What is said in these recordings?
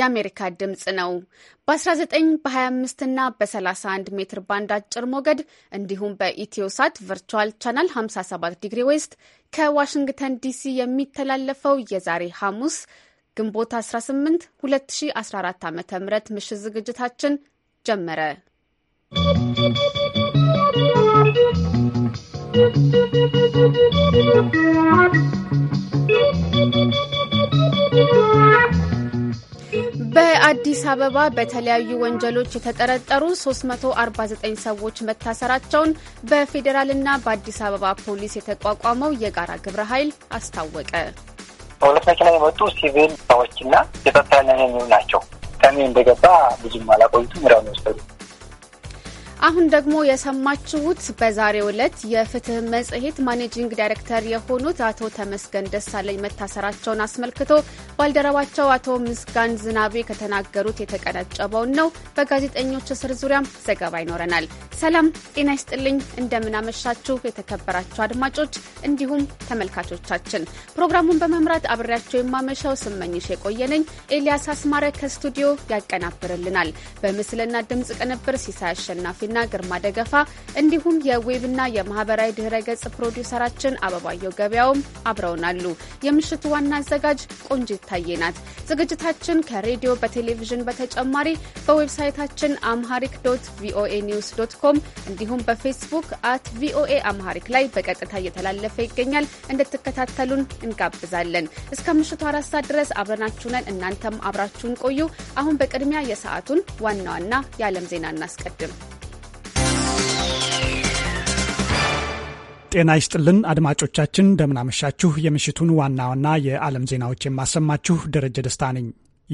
የአሜሪካ ድምፅ ነው። በ19 በ25 እና በ31 ሜትር ባንድ አጭር ሞገድ እንዲሁም በኢትዮሳት ቨርቹዋል ቻናል 57 ዲግሪ ዌስት ከዋሽንግተን ዲሲ የሚተላለፈው የዛሬ ሐሙስ ግንቦት 18 2014 ዓ ም ምሽት ዝግጅታችን ጀመረ። ¶¶ በአዲስ አበባ በተለያዩ ወንጀሎች የተጠረጠሩ 349 ሰዎች መታሰራቸውን በፌዴራልና በአዲስ አበባ ፖሊስ የተቋቋመው የጋራ ግብረ ኃይል አስታወቀ። በሁለት መኪና የመጡ ሲቪል ሰዎችና የጸጥታ የሚሆኑ ናቸው። ከሚ እንደገባ ብዙም አላቆይቱም። ራ ወሰዱ አሁን ደግሞ የሰማችሁት በዛሬው ዕለት የፍትህ መጽሔት ማኔጂንግ ዳይሬክተር የሆኑት አቶ ተመስገን ደሳለኝ መታሰራቸውን አስመልክቶ ባልደረባቸው አቶ ምስጋን ዝናቤ ከተናገሩት የተቀነጨበውን ነው። በጋዜጠኞች እስር ዙሪያም ዘገባ ይኖረናል። ሰላም ጤና ይስጥልኝ፣ እንደምናመሻችሁ የተከበራችሁ አድማጮች እንዲሁም ተመልካቾቻችን። ፕሮግራሙን በመምራት አብሬያቸው የማመሻው ስመኝሽ የቆየነኝ። ኤልያስ አስማረ ከስቱዲዮ ያቀናብርልናል። በምስልና ድምፅ ቅንብር ሲሳይ አሸናፊ ኃይሉና ግርማ ደገፋ እንዲሁም የዌብና የማህበራዊ ድህረ ገጽ ፕሮዲውሰራችን አበባየው ገበያውም አብረውናሉ። የምሽቱ ዋና አዘጋጅ ቆንጂት ታዬ ናት። ዝግጅታችን ከሬዲዮ በቴሌቪዥን በተጨማሪ በዌብሳይታችን አምሃሪክ ዶት ቪኦኤ ኒውስ ዶት ኮም እንዲሁም በፌስቡክ አት ቪኦኤ አምሃሪክ ላይ በቀጥታ እየተላለፈ ይገኛል። እንድትከታተሉን እንጋብዛለን። እስከ ምሽቱ አራት ሰዓት ድረስ አብረናችሁ ነን። እናንተም አብራችሁን ቆዩ። አሁን በቅድሚያ የሰዓቱን ዋና ዋና የዓለም ዜና እናስቀድም። ጤና ይስጥልን አድማጮቻችን፣ እንደምናመሻችሁ። የምሽቱን ዋና ዋና የዓለም ዜናዎች የማሰማችሁ ደረጀ ደስታ ነኝ።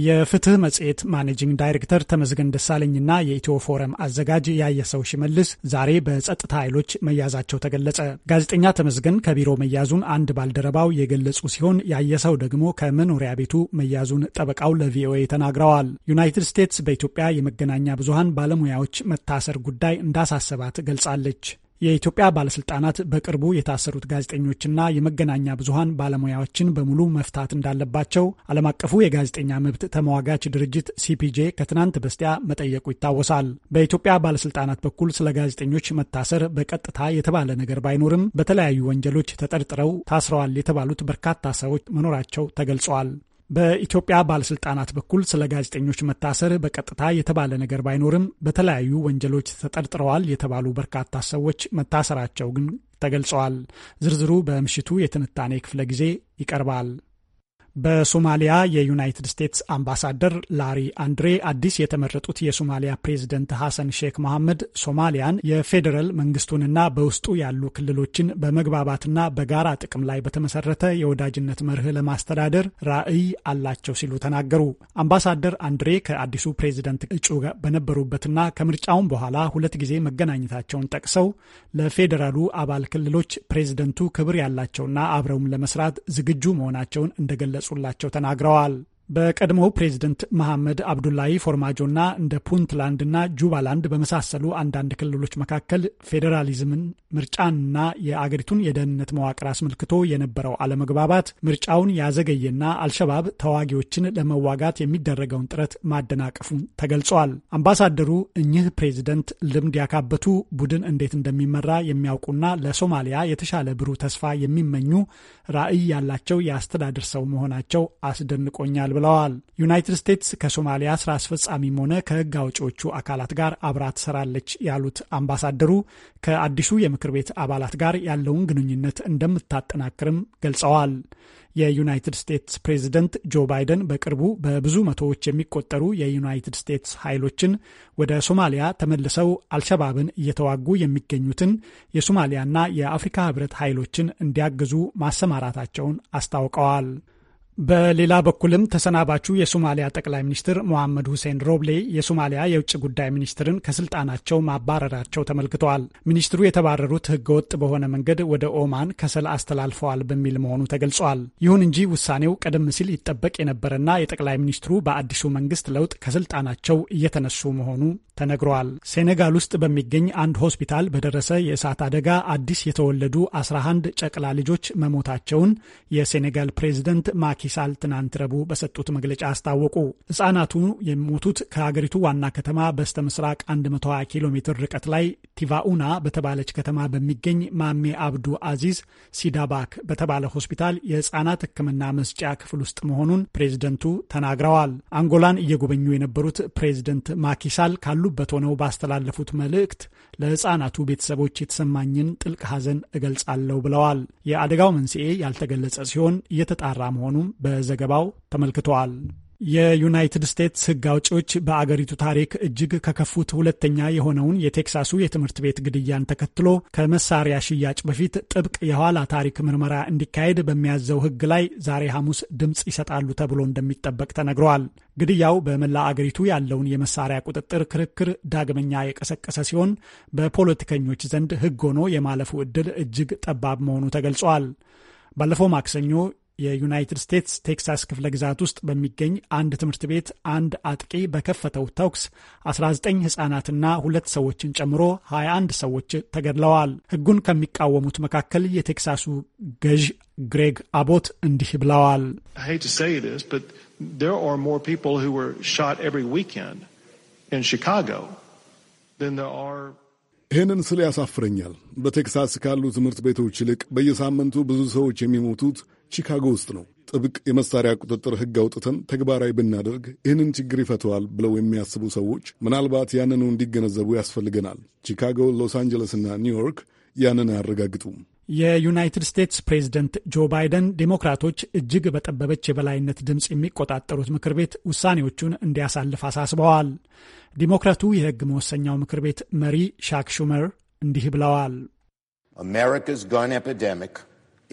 የፍትህ መጽሔት ማኔጂንግ ዳይሬክተር ተመዝገን ደሳለኝና የኢትዮ ፎረም አዘጋጅ ያየሰው ሽመልስ ዛሬ በጸጥታ ኃይሎች መያዛቸው ተገለጸ። ጋዜጠኛ ተመዝገን ከቢሮ መያዙን አንድ ባልደረባው የገለጹ ሲሆን ያየሰው ደግሞ ከመኖሪያ ቤቱ መያዙን ጠበቃው ለቪኦኤ ተናግረዋል። ዩናይትድ ስቴትስ በኢትዮጵያ የመገናኛ ብዙሃን ባለሙያዎች መታሰር ጉዳይ እንዳሳሰባት ገልጻለች። የኢትዮጵያ ባለስልጣናት በቅርቡ የታሰሩት ጋዜጠኞችና የመገናኛ ብዙኃን ባለሙያዎችን በሙሉ መፍታት እንዳለባቸው ዓለም አቀፉ የጋዜጠኛ መብት ተመዋጋች ድርጅት ሲፒጄ ከትናንት በስቲያ መጠየቁ ይታወሳል። በኢትዮጵያ ባለስልጣናት በኩል ስለ ጋዜጠኞች መታሰር በቀጥታ የተባለ ነገር ባይኖርም በተለያዩ ወንጀሎች ተጠርጥረው ታስረዋል የተባሉት በርካታ ሰዎች መኖራቸው ተገልጿል። በኢትዮጵያ ባለስልጣናት በኩል ስለ ጋዜጠኞች መታሰር በቀጥታ የተባለ ነገር ባይኖርም በተለያዩ ወንጀሎች ተጠርጥረዋል የተባሉ በርካታ ሰዎች መታሰራቸው ግን ተገልጸዋል። ዝርዝሩ በምሽቱ የትንታኔ ክፍለ ጊዜ ይቀርባል። በሶማሊያ የዩናይትድ ስቴትስ አምባሳደር ላሪ አንድሬ አዲስ የተመረጡት የሶማሊያ ፕሬዝደንት ሐሰን ሼክ መሐመድ ሶማሊያን የፌዴራል መንግስቱንና በውስጡ ያሉ ክልሎችን በመግባባትና በጋራ ጥቅም ላይ በተመሰረተ የወዳጅነት መርህ ለማስተዳደር ራዕይ አላቸው ሲሉ ተናገሩ። አምባሳደር አንድሬ ከአዲሱ ፕሬዝደንት እጩ በነበሩበትና ከምርጫውም በኋላ ሁለት ጊዜ መገናኘታቸውን ጠቅሰው ለፌዴራሉ አባል ክልሎች ፕሬዝደንቱ ክብር ያላቸውና አብረውም ለመስራት ዝግጁ መሆናቸውን እንደገለጹ እንደገለጹላቸው ተናግረዋል። በቀድሞው ፕሬዚደንት መሐመድ አብዱላሂ ፎርማጆና እንደ ፑንትላንድና ጁባላንድ በመሳሰሉ አንዳንድ ክልሎች መካከል ፌዴራሊዝምን፣ ምርጫንና የአገሪቱን የደህንነት መዋቅር አስመልክቶ የነበረው አለመግባባት ምርጫውን ያዘገየና አልሸባብ ተዋጊዎችን ለመዋጋት የሚደረገውን ጥረት ማደናቀፉን ተገልጿል። አምባሳደሩ እኚህ ፕሬዚደንት ልምድ ያካበቱ ቡድን እንዴት እንደሚመራ የሚያውቁና ለሶማሊያ የተሻለ ብሩህ ተስፋ የሚመኙ ራዕይ ያላቸው የአስተዳደር ሰው መሆናቸው አስደንቆኛል ብለዋል። ዩናይትድ ስቴትስ ከሶማሊያ ስራ አስፈጻሚም ሆነ ከህግ አውጪዎቹ አካላት ጋር አብራ ትሰራለች ያሉት አምባሳደሩ ከአዲሱ የምክር ቤት አባላት ጋር ያለውን ግንኙነት እንደምታጠናክርም ገልጸዋል። የዩናይትድ ስቴትስ ፕሬዝደንት ጆ ባይደን በቅርቡ በብዙ መቶዎች የሚቆጠሩ የዩናይትድ ስቴትስ ኃይሎችን ወደ ሶማሊያ ተመልሰው አልሸባብን እየተዋጉ የሚገኙትን የሶማሊያና የአፍሪካ ህብረት ኃይሎችን እንዲያግዙ ማሰማራታቸውን አስታውቀዋል። በሌላ በኩልም ተሰናባቹ የሶማሊያ ጠቅላይ ሚኒስትር ሞሐመድ ሁሴን ሮብሌ የሶማሊያ የውጭ ጉዳይ ሚኒስትርን ከስልጣናቸው ማባረራቸው ተመልክተዋል። ሚኒስትሩ የተባረሩት ህገወጥ በሆነ መንገድ ወደ ኦማን ከሰል አስተላልፈዋል በሚል መሆኑ ተገልጿል። ይሁን እንጂ ውሳኔው ቀደም ሲል ይጠበቅ የነበረና የጠቅላይ ሚኒስትሩ በአዲሱ መንግስት ለውጥ ከስልጣናቸው እየተነሱ መሆኑ ተነግረዋል። ሴኔጋል ውስጥ በሚገኝ አንድ ሆስፒታል በደረሰ የእሳት አደጋ አዲስ የተወለዱ 11 ጨቅላ ልጆች መሞታቸውን የሴኔጋል ፕሬዚደንት ማኪ ኪሳል ትናንት ረቡዕ በሰጡት መግለጫ አስታወቁ። ሕፃናቱ የሞቱት ከሀገሪቱ ዋና ከተማ በስተ ምስራቅ 120 ኪሎ ሜትር ርቀት ላይ ቲቫኡና በተባለች ከተማ በሚገኝ ማሜ አብዱ አዚዝ ሲዳባክ በተባለ ሆስፒታል የሕፃናት ሕክምና መስጫ ክፍል ውስጥ መሆኑን ፕሬዝደንቱ ተናግረዋል። አንጎላን እየጎበኙ የነበሩት ፕሬዝደንት ማኪሳል ካሉበት ሆነው ባስተላለፉት መልእክት ለሕፃናቱ ቤተሰቦች የተሰማኝን ጥልቅ ሐዘን እገልጻለሁ ብለዋል። የአደጋው መንስኤ ያልተገለጸ ሲሆን እየተጣራ መሆኑም በዘገባው ተመልክተዋል። የዩናይትድ ስቴትስ ሕግ አውጪዎች በአገሪቱ ታሪክ እጅግ ከከፉት ሁለተኛ የሆነውን የቴክሳሱ የትምህርት ቤት ግድያን ተከትሎ ከመሳሪያ ሽያጭ በፊት ጥብቅ የኋላ ታሪክ ምርመራ እንዲካሄድ በሚያዘው ሕግ ላይ ዛሬ ሐሙስ ድምፅ ይሰጣሉ ተብሎ እንደሚጠበቅ ተነግረዋል። ግድያው በመላ አገሪቱ ያለውን የመሳሪያ ቁጥጥር ክርክር ዳግመኛ የቀሰቀሰ ሲሆን በፖለቲከኞች ዘንድ ሕግ ሆኖ የማለፉ ዕድል እጅግ ጠባብ መሆኑ ተገልጿል። ባለፈው ማክሰኞ የዩናይትድ ስቴትስ ቴክሳስ ክፍለ ግዛት ውስጥ በሚገኝ አንድ ትምህርት ቤት አንድ አጥቂ በከፈተው ተኩስ 19 ህጻናትና ሁለት ሰዎችን ጨምሮ 21 ሰዎች ተገድለዋል። ህጉን ከሚቃወሙት መካከል የቴክሳሱ ገዥ ግሬግ አቦት እንዲህ ብለዋል። ይህንን ስል ያሳፍረኛል። በቴክሳስ ካሉ ትምህርት ቤቶች ይልቅ በየሳምንቱ ብዙ ሰዎች የሚሞቱት ቺካጎ ውስጥ ነው። ጥብቅ የመሳሪያ ቁጥጥር ሕግ አውጥተን ተግባራዊ ብናደርግ ይህንን ችግር ይፈተዋል ብለው የሚያስቡ ሰዎች ምናልባት ያንኑ እንዲገነዘቡ ያስፈልገናል። ቺካጎ፣ ሎስ አንጀለስና ኒውዮርክ ያንን አያረጋግጡም። የዩናይትድ ስቴትስ ፕሬዝደንት ጆ ባይደን ዴሞክራቶች እጅግ በጠበበች የበላይነት ድምፅ የሚቆጣጠሩት ምክር ቤት ውሳኔዎቹን እንዲያሳልፍ አሳስበዋል። ዲሞክራቱ የህግ መወሰኛው ምክር ቤት መሪ ሻክ ሹመር እንዲህ ብለዋል። አሜሪካስ ጋን ኤፒደሚክ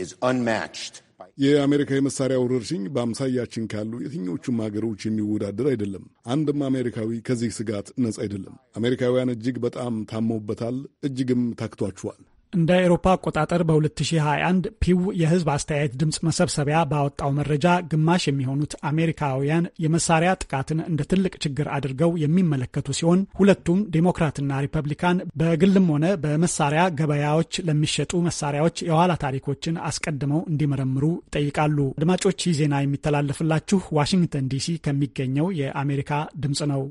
ኢዝ አንማችድ የአሜሪካ የመሳሪያ ወረርሽኝ በአምሳያችን ካሉ የትኞቹም ሀገሮች የሚወዳደር አይደለም። አንድም አሜሪካዊ ከዚህ ስጋት ነጻ አይደለም። አሜሪካውያን እጅግ በጣም ታመውበታል፣ እጅግም ታክቷችኋል። እንደ አውሮፓ አቆጣጠር በ2021 ፒው የህዝብ አስተያየት ድምፅ መሰብሰቢያ ባወጣው መረጃ ግማሽ የሚሆኑት አሜሪካውያን የመሳሪያ ጥቃትን እንደ ትልቅ ችግር አድርገው የሚመለከቱ ሲሆን ሁለቱም ዴሞክራትና ሪፐብሊካን በግልም ሆነ በመሳሪያ ገበያዎች ለሚሸጡ መሳሪያዎች የኋላ ታሪኮችን አስቀድመው እንዲመረምሩ ይጠይቃሉ። አድማጮች ይህ ዜና የሚተላለፍላችሁ ዋሽንግተን ዲሲ ከሚገኘው የአሜሪካ ድምፅ ነው።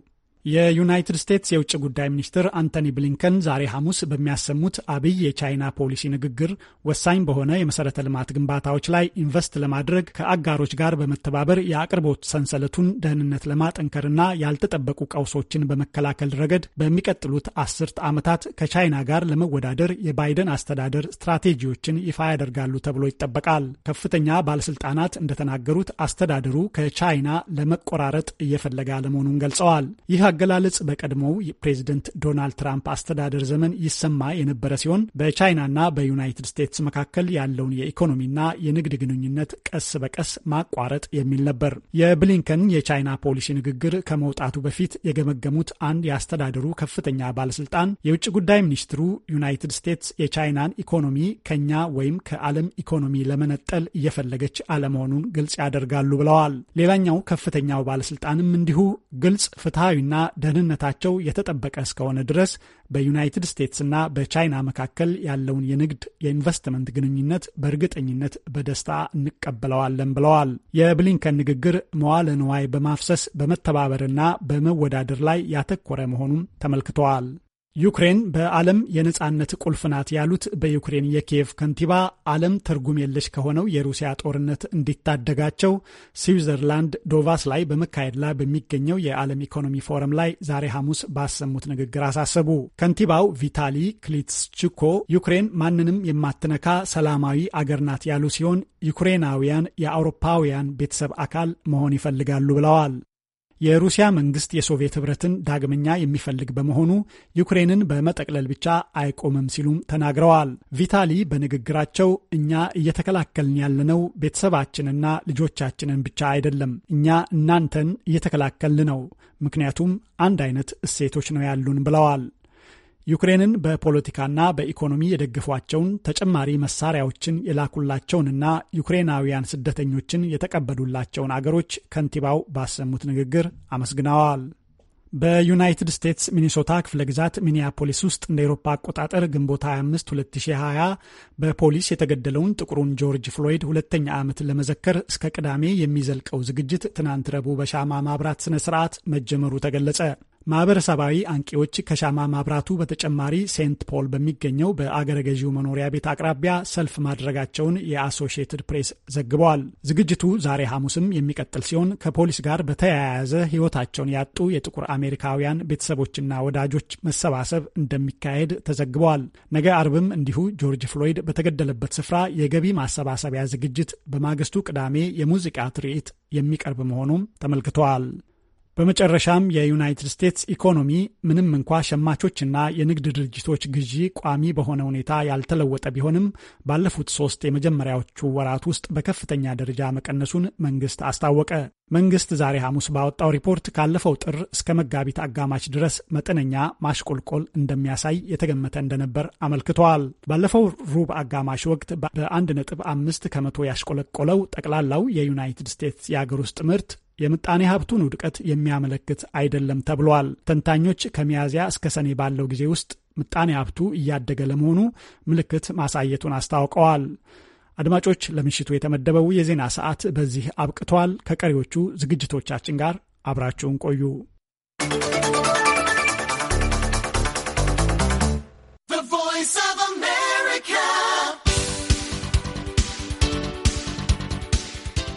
የዩናይትድ ስቴትስ የውጭ ጉዳይ ሚኒስትር አንቶኒ ብሊንከን ዛሬ ሐሙስ በሚያሰሙት አብይ የቻይና ፖሊሲ ንግግር ወሳኝ በሆነ የመሠረተ ልማት ግንባታዎች ላይ ኢንቨስት ለማድረግ ከአጋሮች ጋር በመተባበር የአቅርቦት ሰንሰለቱን ደህንነት ለማጠንከርና ያልተጠበቁ ቀውሶችን በመከላከል ረገድ በሚቀጥሉት አስርት ዓመታት ከቻይና ጋር ለመወዳደር የባይደን አስተዳደር ስትራቴጂዎችን ይፋ ያደርጋሉ ተብሎ ይጠበቃል። ከፍተኛ ባለስልጣናት እንደተናገሩት አስተዳደሩ ከቻይና ለመቆራረጥ እየፈለገ አለመሆኑን ገልጸዋል። ይህ አገላለጽ በቀድሞው ፕሬዚደንት ዶናልድ ትራምፕ አስተዳደር ዘመን ይሰማ የነበረ ሲሆን በቻይናና በዩናይትድ ስቴትስ መካከል ያለውን የኢኮኖሚና የንግድ ግንኙነት ቀስ በቀስ ማቋረጥ የሚል ነበር። የብሊንከን የቻይና ፖሊሲ ንግግር ከመውጣቱ በፊት የገመገሙት አንድ የአስተዳደሩ ከፍተኛ ባለስልጣን የውጭ ጉዳይ ሚኒስትሩ ዩናይትድ ስቴትስ የቻይናን ኢኮኖሚ ከኛ ወይም ከዓለም ኢኮኖሚ ለመነጠል እየፈለገች አለመሆኑን ግልጽ ያደርጋሉ ብለዋል። ሌላኛው ከፍተኛው ባለስልጣንም እንዲሁ ግልጽ ፍትሐዊና ደህንነታቸው የተጠበቀ እስከሆነ ድረስ በዩናይትድ ስቴትስ እና በቻይና መካከል ያለውን የንግድ የኢንቨስትመንት ግንኙነት በእርግጠኝነት በደስታ እንቀበለዋለን ብለዋል። የብሊንከን ንግግር መዋለ ንዋይ በማፍሰስ በመተባበርና በመወዳደር ላይ ያተኮረ መሆኑም ተመልክተዋል። ዩክሬን በዓለም የነጻነት ቁልፍ ናት ያሉት በዩክሬን የኪየቭ ከንቲባ ዓለም ትርጉም የለሽ ከሆነው የሩሲያ ጦርነት እንዲታደጋቸው ስዊዘርላንድ ዶቫስ ላይ በመካሄድ ላይ በሚገኘው የዓለም ኢኮኖሚ ፎረም ላይ ዛሬ ሐሙስ ባሰሙት ንግግር አሳሰቡ። ከንቲባው ቪታሊ ክሊትስችኮ ዩክሬን ማንንም የማትነካ ሰላማዊ አገር ናት ያሉ ሲሆን ዩክሬናውያን የአውሮፓውያን ቤተሰብ አካል መሆን ይፈልጋሉ ብለዋል። የሩሲያ መንግስት የሶቪየት ህብረትን ዳግመኛ የሚፈልግ በመሆኑ ዩክሬንን በመጠቅለል ብቻ አይቆምም ሲሉም ተናግረዋል። ቪታሊ በንግግራቸው እኛ እየተከላከልን ያለነው ቤተሰባችንና ልጆቻችንን ብቻ አይደለም፣ እኛ እናንተን እየተከላከልን ነው፣ ምክንያቱም አንድ አይነት እሴቶች ነው ያሉን ብለዋል። ዩክሬንን በፖለቲካና በኢኮኖሚ የደገፏቸውን ተጨማሪ መሳሪያዎችን የላኩላቸውንና ዩክሬናውያን ስደተኞችን የተቀበሉላቸውን አገሮች ከንቲባው ባሰሙት ንግግር አመስግነዋል። በዩናይትድ ስቴትስ ሚኒሶታ ክፍለ ግዛት ሚኒያፖሊስ ውስጥ እንደ ኤሮፓ አቆጣጠር ግንቦት 25 2020 በፖሊስ የተገደለውን ጥቁሩን ጆርጅ ፍሎይድ ሁለተኛ ዓመት ለመዘከር እስከ ቅዳሜ የሚዘልቀው ዝግጅት ትናንት ረቡዕ በሻማ ማብራት ስነ ስርዓት መጀመሩ ተገለጸ። ማህበረሰባዊ አንቂዎች ከሻማ ማብራቱ በተጨማሪ ሴንት ፖል በሚገኘው በአገረ ገዢው መኖሪያ ቤት አቅራቢያ ሰልፍ ማድረጋቸውን የአሶሽየትድ ፕሬስ ዘግበዋል። ዝግጅቱ ዛሬ ሐሙስም የሚቀጥል ሲሆን ከፖሊስ ጋር በተያያዘ ሕይወታቸውን ያጡ የጥቁር አሜሪካውያን ቤተሰቦችና ወዳጆች መሰባሰብ እንደሚካሄድ ተዘግበዋል። ነገ አርብም እንዲሁ ጆርጅ ፍሎይድ በተገደለበት ስፍራ የገቢ ማሰባሰቢያ ዝግጅት፣ በማግስቱ ቅዳሜ የሙዚቃ ትርኢት የሚቀርብ መሆኑም ተመልክተዋል። በመጨረሻም የዩናይትድ ስቴትስ ኢኮኖሚ ምንም እንኳ ሸማቾችና የንግድ ድርጅቶች ግዢ ቋሚ በሆነ ሁኔታ ያልተለወጠ ቢሆንም ባለፉት ሶስት የመጀመሪያዎቹ ወራት ውስጥ በከፍተኛ ደረጃ መቀነሱን መንግስት አስታወቀ። መንግስት ዛሬ ሐሙስ ባወጣው ሪፖርት ካለፈው ጥር እስከ መጋቢት አጋማሽ ድረስ መጠነኛ ማሽቆልቆል እንደሚያሳይ የተገመተ እንደነበር አመልክተዋል። ባለፈው ሩብ አጋማሽ ወቅት በ1.5 ከመቶ ያሽቆለቆለው ጠቅላላው የዩናይትድ ስቴትስ የአገር ውስጥ ምርት የምጣኔ ሀብቱን ውድቀት የሚያመለክት አይደለም ተብሏል። ተንታኞች ከሚያዝያ እስከ ሰኔ ባለው ጊዜ ውስጥ ምጣኔ ሀብቱ እያደገ ለመሆኑ ምልክት ማሳየቱን አስታውቀዋል። አድማጮች፣ ለምሽቱ የተመደበው የዜና ሰዓት በዚህ አብቅቷል። ከቀሪዎቹ ዝግጅቶቻችን ጋር አብራችሁን ቆዩ።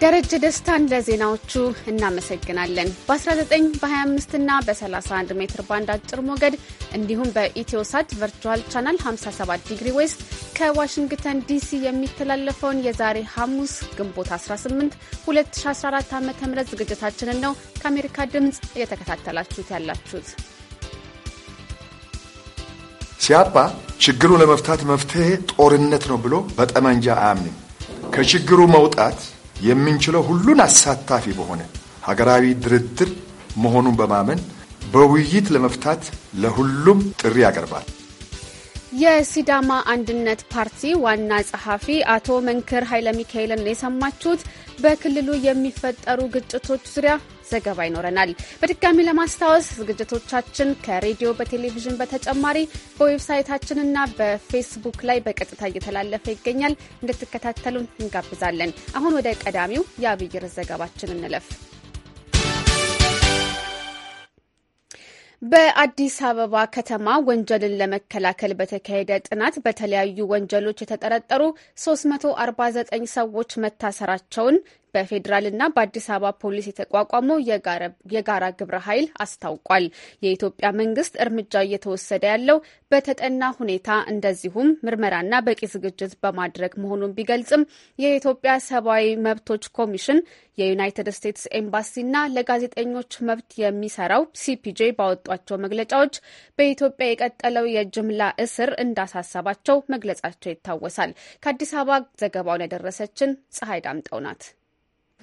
ደረጀ ደስታን ለዜናዎቹ እናመሰግናለን። በ19 በ25 እና በ31 ሜትር ባንድ አጭር ሞገድ እንዲሁም በኢትዮሳት ቨርቹዋል ቻናል 57 ዲግሪ ዌስት ከዋሽንግተን ዲሲ የሚተላለፈውን የዛሬ ሐሙስ ግንቦት 18 2014 ዓ ም ዝግጅታችንን ነው ከአሜሪካ ድምፅ እየተከታተላችሁት ያላችሁት። ሲያባ ችግሩ ለመፍታት መፍትሄ ጦርነት ነው ብሎ በጠመንጃ አያምንም። ከችግሩ መውጣት የምንችለው ሁሉን አሳታፊ በሆነ ሀገራዊ ድርድር መሆኑን በማመን በውይይት ለመፍታት ለሁሉም ጥሪ ያቀርባል። የሲዳማ አንድነት ፓርቲ ዋና ጸሐፊ አቶ መንክር ኃይለ ሚካኤልን የሰማችሁት በክልሉ የሚፈጠሩ ግጭቶች ዙሪያ ዘገባ ይኖረናል። በድጋሚ ለማስታወስ ዝግጅቶቻችን ከሬዲዮ በቴሌቪዥን በተጨማሪ በዌብሳይታችንና በፌስቡክ ላይ በቀጥታ እየተላለፈ ይገኛል። እንድትከታተሉን እንጋብዛለን። አሁን ወደ ቀዳሚው የአብይር ዘገባችን እንለፍ። በአዲስ አበባ ከተማ ወንጀልን ለመከላከል በተካሄደ ጥናት በተለያዩ ወንጀሎች የተጠረጠሩ 349 ሰዎች መታሰራቸውን በፌዴራልና በአዲስ አበባ ፖሊስ የተቋቋመው የጋራ ግብረ ኃይል አስታውቋል። የኢትዮጵያ መንግስት እርምጃ እየተወሰደ ያለው በተጠና ሁኔታ እንደዚሁም ምርመራና በቂ ዝግጅት በማድረግ መሆኑን ቢገልጽም የኢትዮጵያ ሰብአዊ መብቶች ኮሚሽን የዩናይትድ ስቴትስ ኤምባሲና ለጋዜጠኞች መብት የሚሰራው ሲፒጄ ባወጧቸው መግለጫዎች በኢትዮጵያ የቀጠለው የጅምላ እስር እንዳሳሰባቸው መግለጻቸው ይታወሳል። ከአዲስ አበባ ዘገባውን ያደረሰችን ፀሐይ ዳምጠው ናት።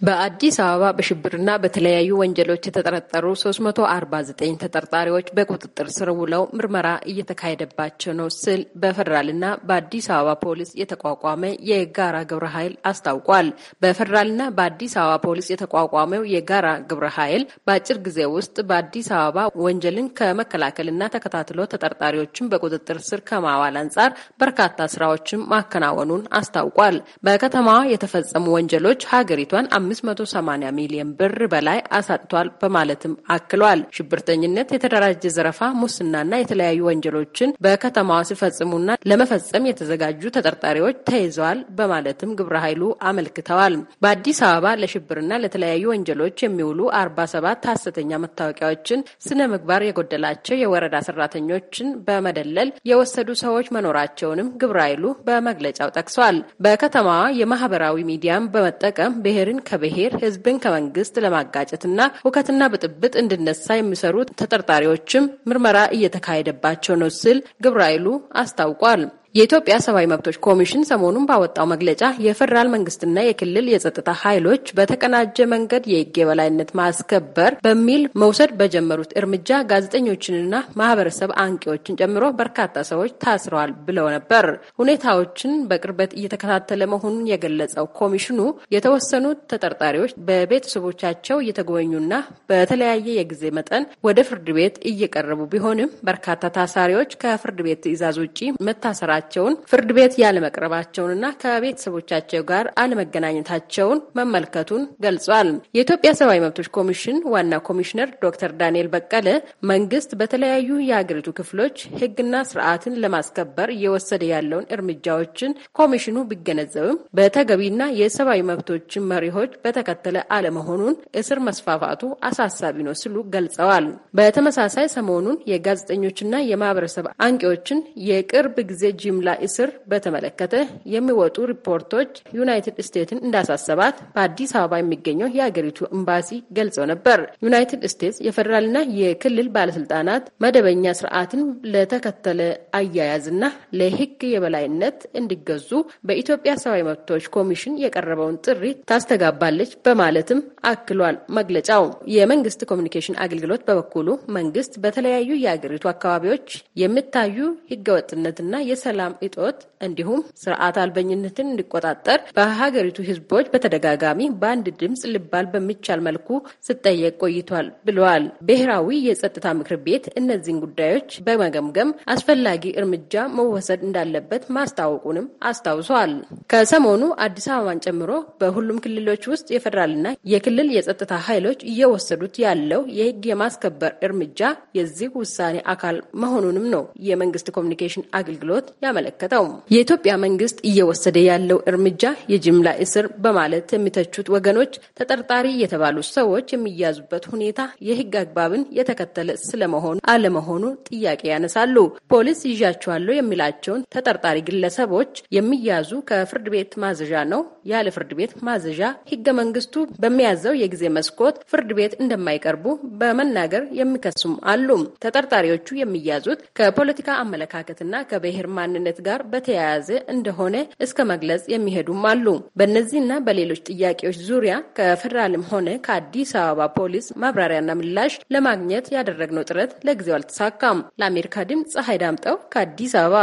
በአዲስ አበባ በሽብርና በተለያዩ ወንጀሎች የተጠረጠሩ 349 ተጠርጣሪዎች በቁጥጥር ስር ውለው ምርመራ እየተካሄደባቸው ነው ሲል በፌዴራልና በአዲስ አበባ ፖሊስ የተቋቋመ የጋራ ግብረ ኃይል አስታውቋል። በፌዴራልና በአዲስ አበባ ፖሊስ የተቋቋመው የጋራ ግብረ ኃይል በአጭር ጊዜ ውስጥ በአዲስ አበባ ወንጀልን ከመከላከልና ተከታትሎ ተጠርጣሪዎችን በቁጥጥር ስር ከማዋል አንጻር በርካታ ስራዎችን ማከናወኑን አስታውቋል። በከተማዋ የተፈጸሙ ወንጀሎች ሀገሪቷን ከ580 ሚሊዮን ብር በላይ አሳጥቷል በማለትም አክሏል። ሽብርተኝነት፣ የተደራጀ ዘረፋ፣ ሙስናና የተለያዩ ወንጀሎችን በከተማዋ ሲፈጽሙና ለመፈጸም የተዘጋጁ ተጠርጣሪዎች ተይዘዋል በማለትም ግብረ ኃይሉ አመልክተዋል። በአዲስ አበባ ለሽብርና ለተለያዩ ወንጀሎች የሚውሉ 47 ሀሰተኛ መታወቂያዎችን ስነ ምግባር የጎደላቸው የወረዳ ሰራተኞችን በመደለል የወሰዱ ሰዎች መኖራቸውንም ግብረ ኃይሉ በመግለጫው ጠቅሷል። በከተማዋ የማህበራዊ ሚዲያም በመጠቀም ብሔርን ከብሔር ህዝብን ከመንግስት ለማጋጨትና ሁከትና ብጥብጥ እንዲነሳ የሚሰሩ ተጠርጣሪዎችም ምርመራ እየተካሄደባቸው ነው ሲል ግብረ ኃይሉ አስታውቋል። የኢትዮጵያ ሰብአዊ መብቶች ኮሚሽን ሰሞኑን ባወጣው መግለጫ የፌዴራል መንግስትና የክልል የጸጥታ ኃይሎች በተቀናጀ መንገድ የህግ የበላይነት ማስከበር በሚል መውሰድ በጀመሩት እርምጃ ጋዜጠኞችንና ማህበረሰብ አንቂዎችን ጨምሮ በርካታ ሰዎች ታስረዋል ብለው ነበር። ሁኔታዎችን በቅርበት እየተከታተለ መሆኑን የገለጸው ኮሚሽኑ የተወሰኑ ተጠርጣሪዎች በቤተሰቦቻቸው እየተጎበኙና በተለያየ የጊዜ መጠን ወደ ፍርድ ቤት እየቀረቡ ቢሆንም በርካታ ታሳሪዎች ከፍርድ ቤት ትዕዛዝ ውጪ መታሰራቸው መኖራቸውን፣ ፍርድ ቤት ያለመቅረባቸውንና ከቤተሰቦቻቸው ጋር አለመገናኘታቸውን መመልከቱን ገልጿል። የኢትዮጵያ ሰብአዊ መብቶች ኮሚሽን ዋና ኮሚሽነር ዶክተር ዳንኤል በቀለ መንግስት በተለያዩ የአገሪቱ ክፍሎች ህግና ስርዓትን ለማስከበር እየወሰደ ያለውን እርምጃዎችን ኮሚሽኑ ቢገነዘብም በተገቢና የሰብአዊ መብቶችን መሪሆች በተከተለ አለመሆኑን እስር መስፋፋቱ አሳሳቢ ነው ሲሉ ገልጸዋል። በተመሳሳይ ሰሞኑን የጋዜጠኞችና የማህበረሰብ አንቂዎችን የቅርብ ጊዜ ጂ የጅምላ እስር በተመለከተ የሚወጡ ሪፖርቶች ዩናይትድ ስቴትስን እንዳሳሰባት በአዲስ አበባ የሚገኘው የአገሪቱ ኤምባሲ ገልጾ ነበር። ዩናይትድ ስቴትስ የፌዴራልና የክልል ባለስልጣናት መደበኛ ስርዓትን ለተከተለ አያያዝና ለሕግ የበላይነት እንዲገዙ በኢትዮጵያ ሰብአዊ መብቶች ኮሚሽን የቀረበውን ጥሪ ታስተጋባለች በማለትም አክሏል መግለጫው። የመንግስት ኮሚኒኬሽን አገልግሎት በበኩሉ መንግስት በተለያዩ የአገሪቱ አካባቢዎች የሚታዩ ህገወጥነትና የሰላም የሰላም እጦት እንዲሁም ስርዓት አልበኝነትን እንዲቆጣጠር በሀገሪቱ ህዝቦች በተደጋጋሚ በአንድ ድምፅ ልባል በሚቻል መልኩ ስጠየቅ ቆይቷል ብለዋል። ብሔራዊ የጸጥታ ምክር ቤት እነዚህን ጉዳዮች በመገምገም አስፈላጊ እርምጃ መወሰድ እንዳለበት ማስታወቁንም አስታውሷል። ከሰሞኑ አዲስ አበባን ጨምሮ በሁሉም ክልሎች ውስጥ የፌዴራልና የክልል የጸጥታ ኃይሎች እየወሰዱት ያለው የህግ የማስከበር እርምጃ የዚህ ውሳኔ አካል መሆኑንም ነው የመንግስት ኮሚኒኬሽን አገልግሎት ያመለከተው። የኢትዮጵያ መንግስት እየወሰደ ያለው እርምጃ የጅምላ እስር በማለት የሚተቹት ወገኖች ተጠርጣሪ የተባሉ ሰዎች የሚያዙበት ሁኔታ የህግ አግባብን የተከተለ ስለመሆኑ አለመሆኑ ጥያቄ ያነሳሉ። ፖሊስ ይዣቸዋለሁ የሚላቸውን ተጠርጣሪ ግለሰቦች የሚያዙ ከፍርድ ቤት ማዘዣ ነው። ያለ ፍርድ ቤት ማዘዣ ህገ መንግስቱ በሚያዘው የጊዜ መስኮት ፍርድ ቤት እንደማይቀርቡ በመናገር የሚከሱም አሉ። ተጠርጣሪዎቹ የሚያዙት ከፖለቲካ አመለካከትና ከብሔር ማን ማንነት ጋር በተያያዘ እንደሆነ እስከ መግለጽ የሚሄዱም አሉ። በእነዚህና በሌሎች ጥያቄዎች ዙሪያ ከፌዴራልም ሆነ ከአዲስ አበባ ፖሊስ ማብራሪያና ምላሽ ለማግኘት ያደረግነው ጥረት ለጊዜው አልተሳካም። ለአሜሪካ ድምፅ ፀሐይ ዳምጠው ከአዲስ አበባ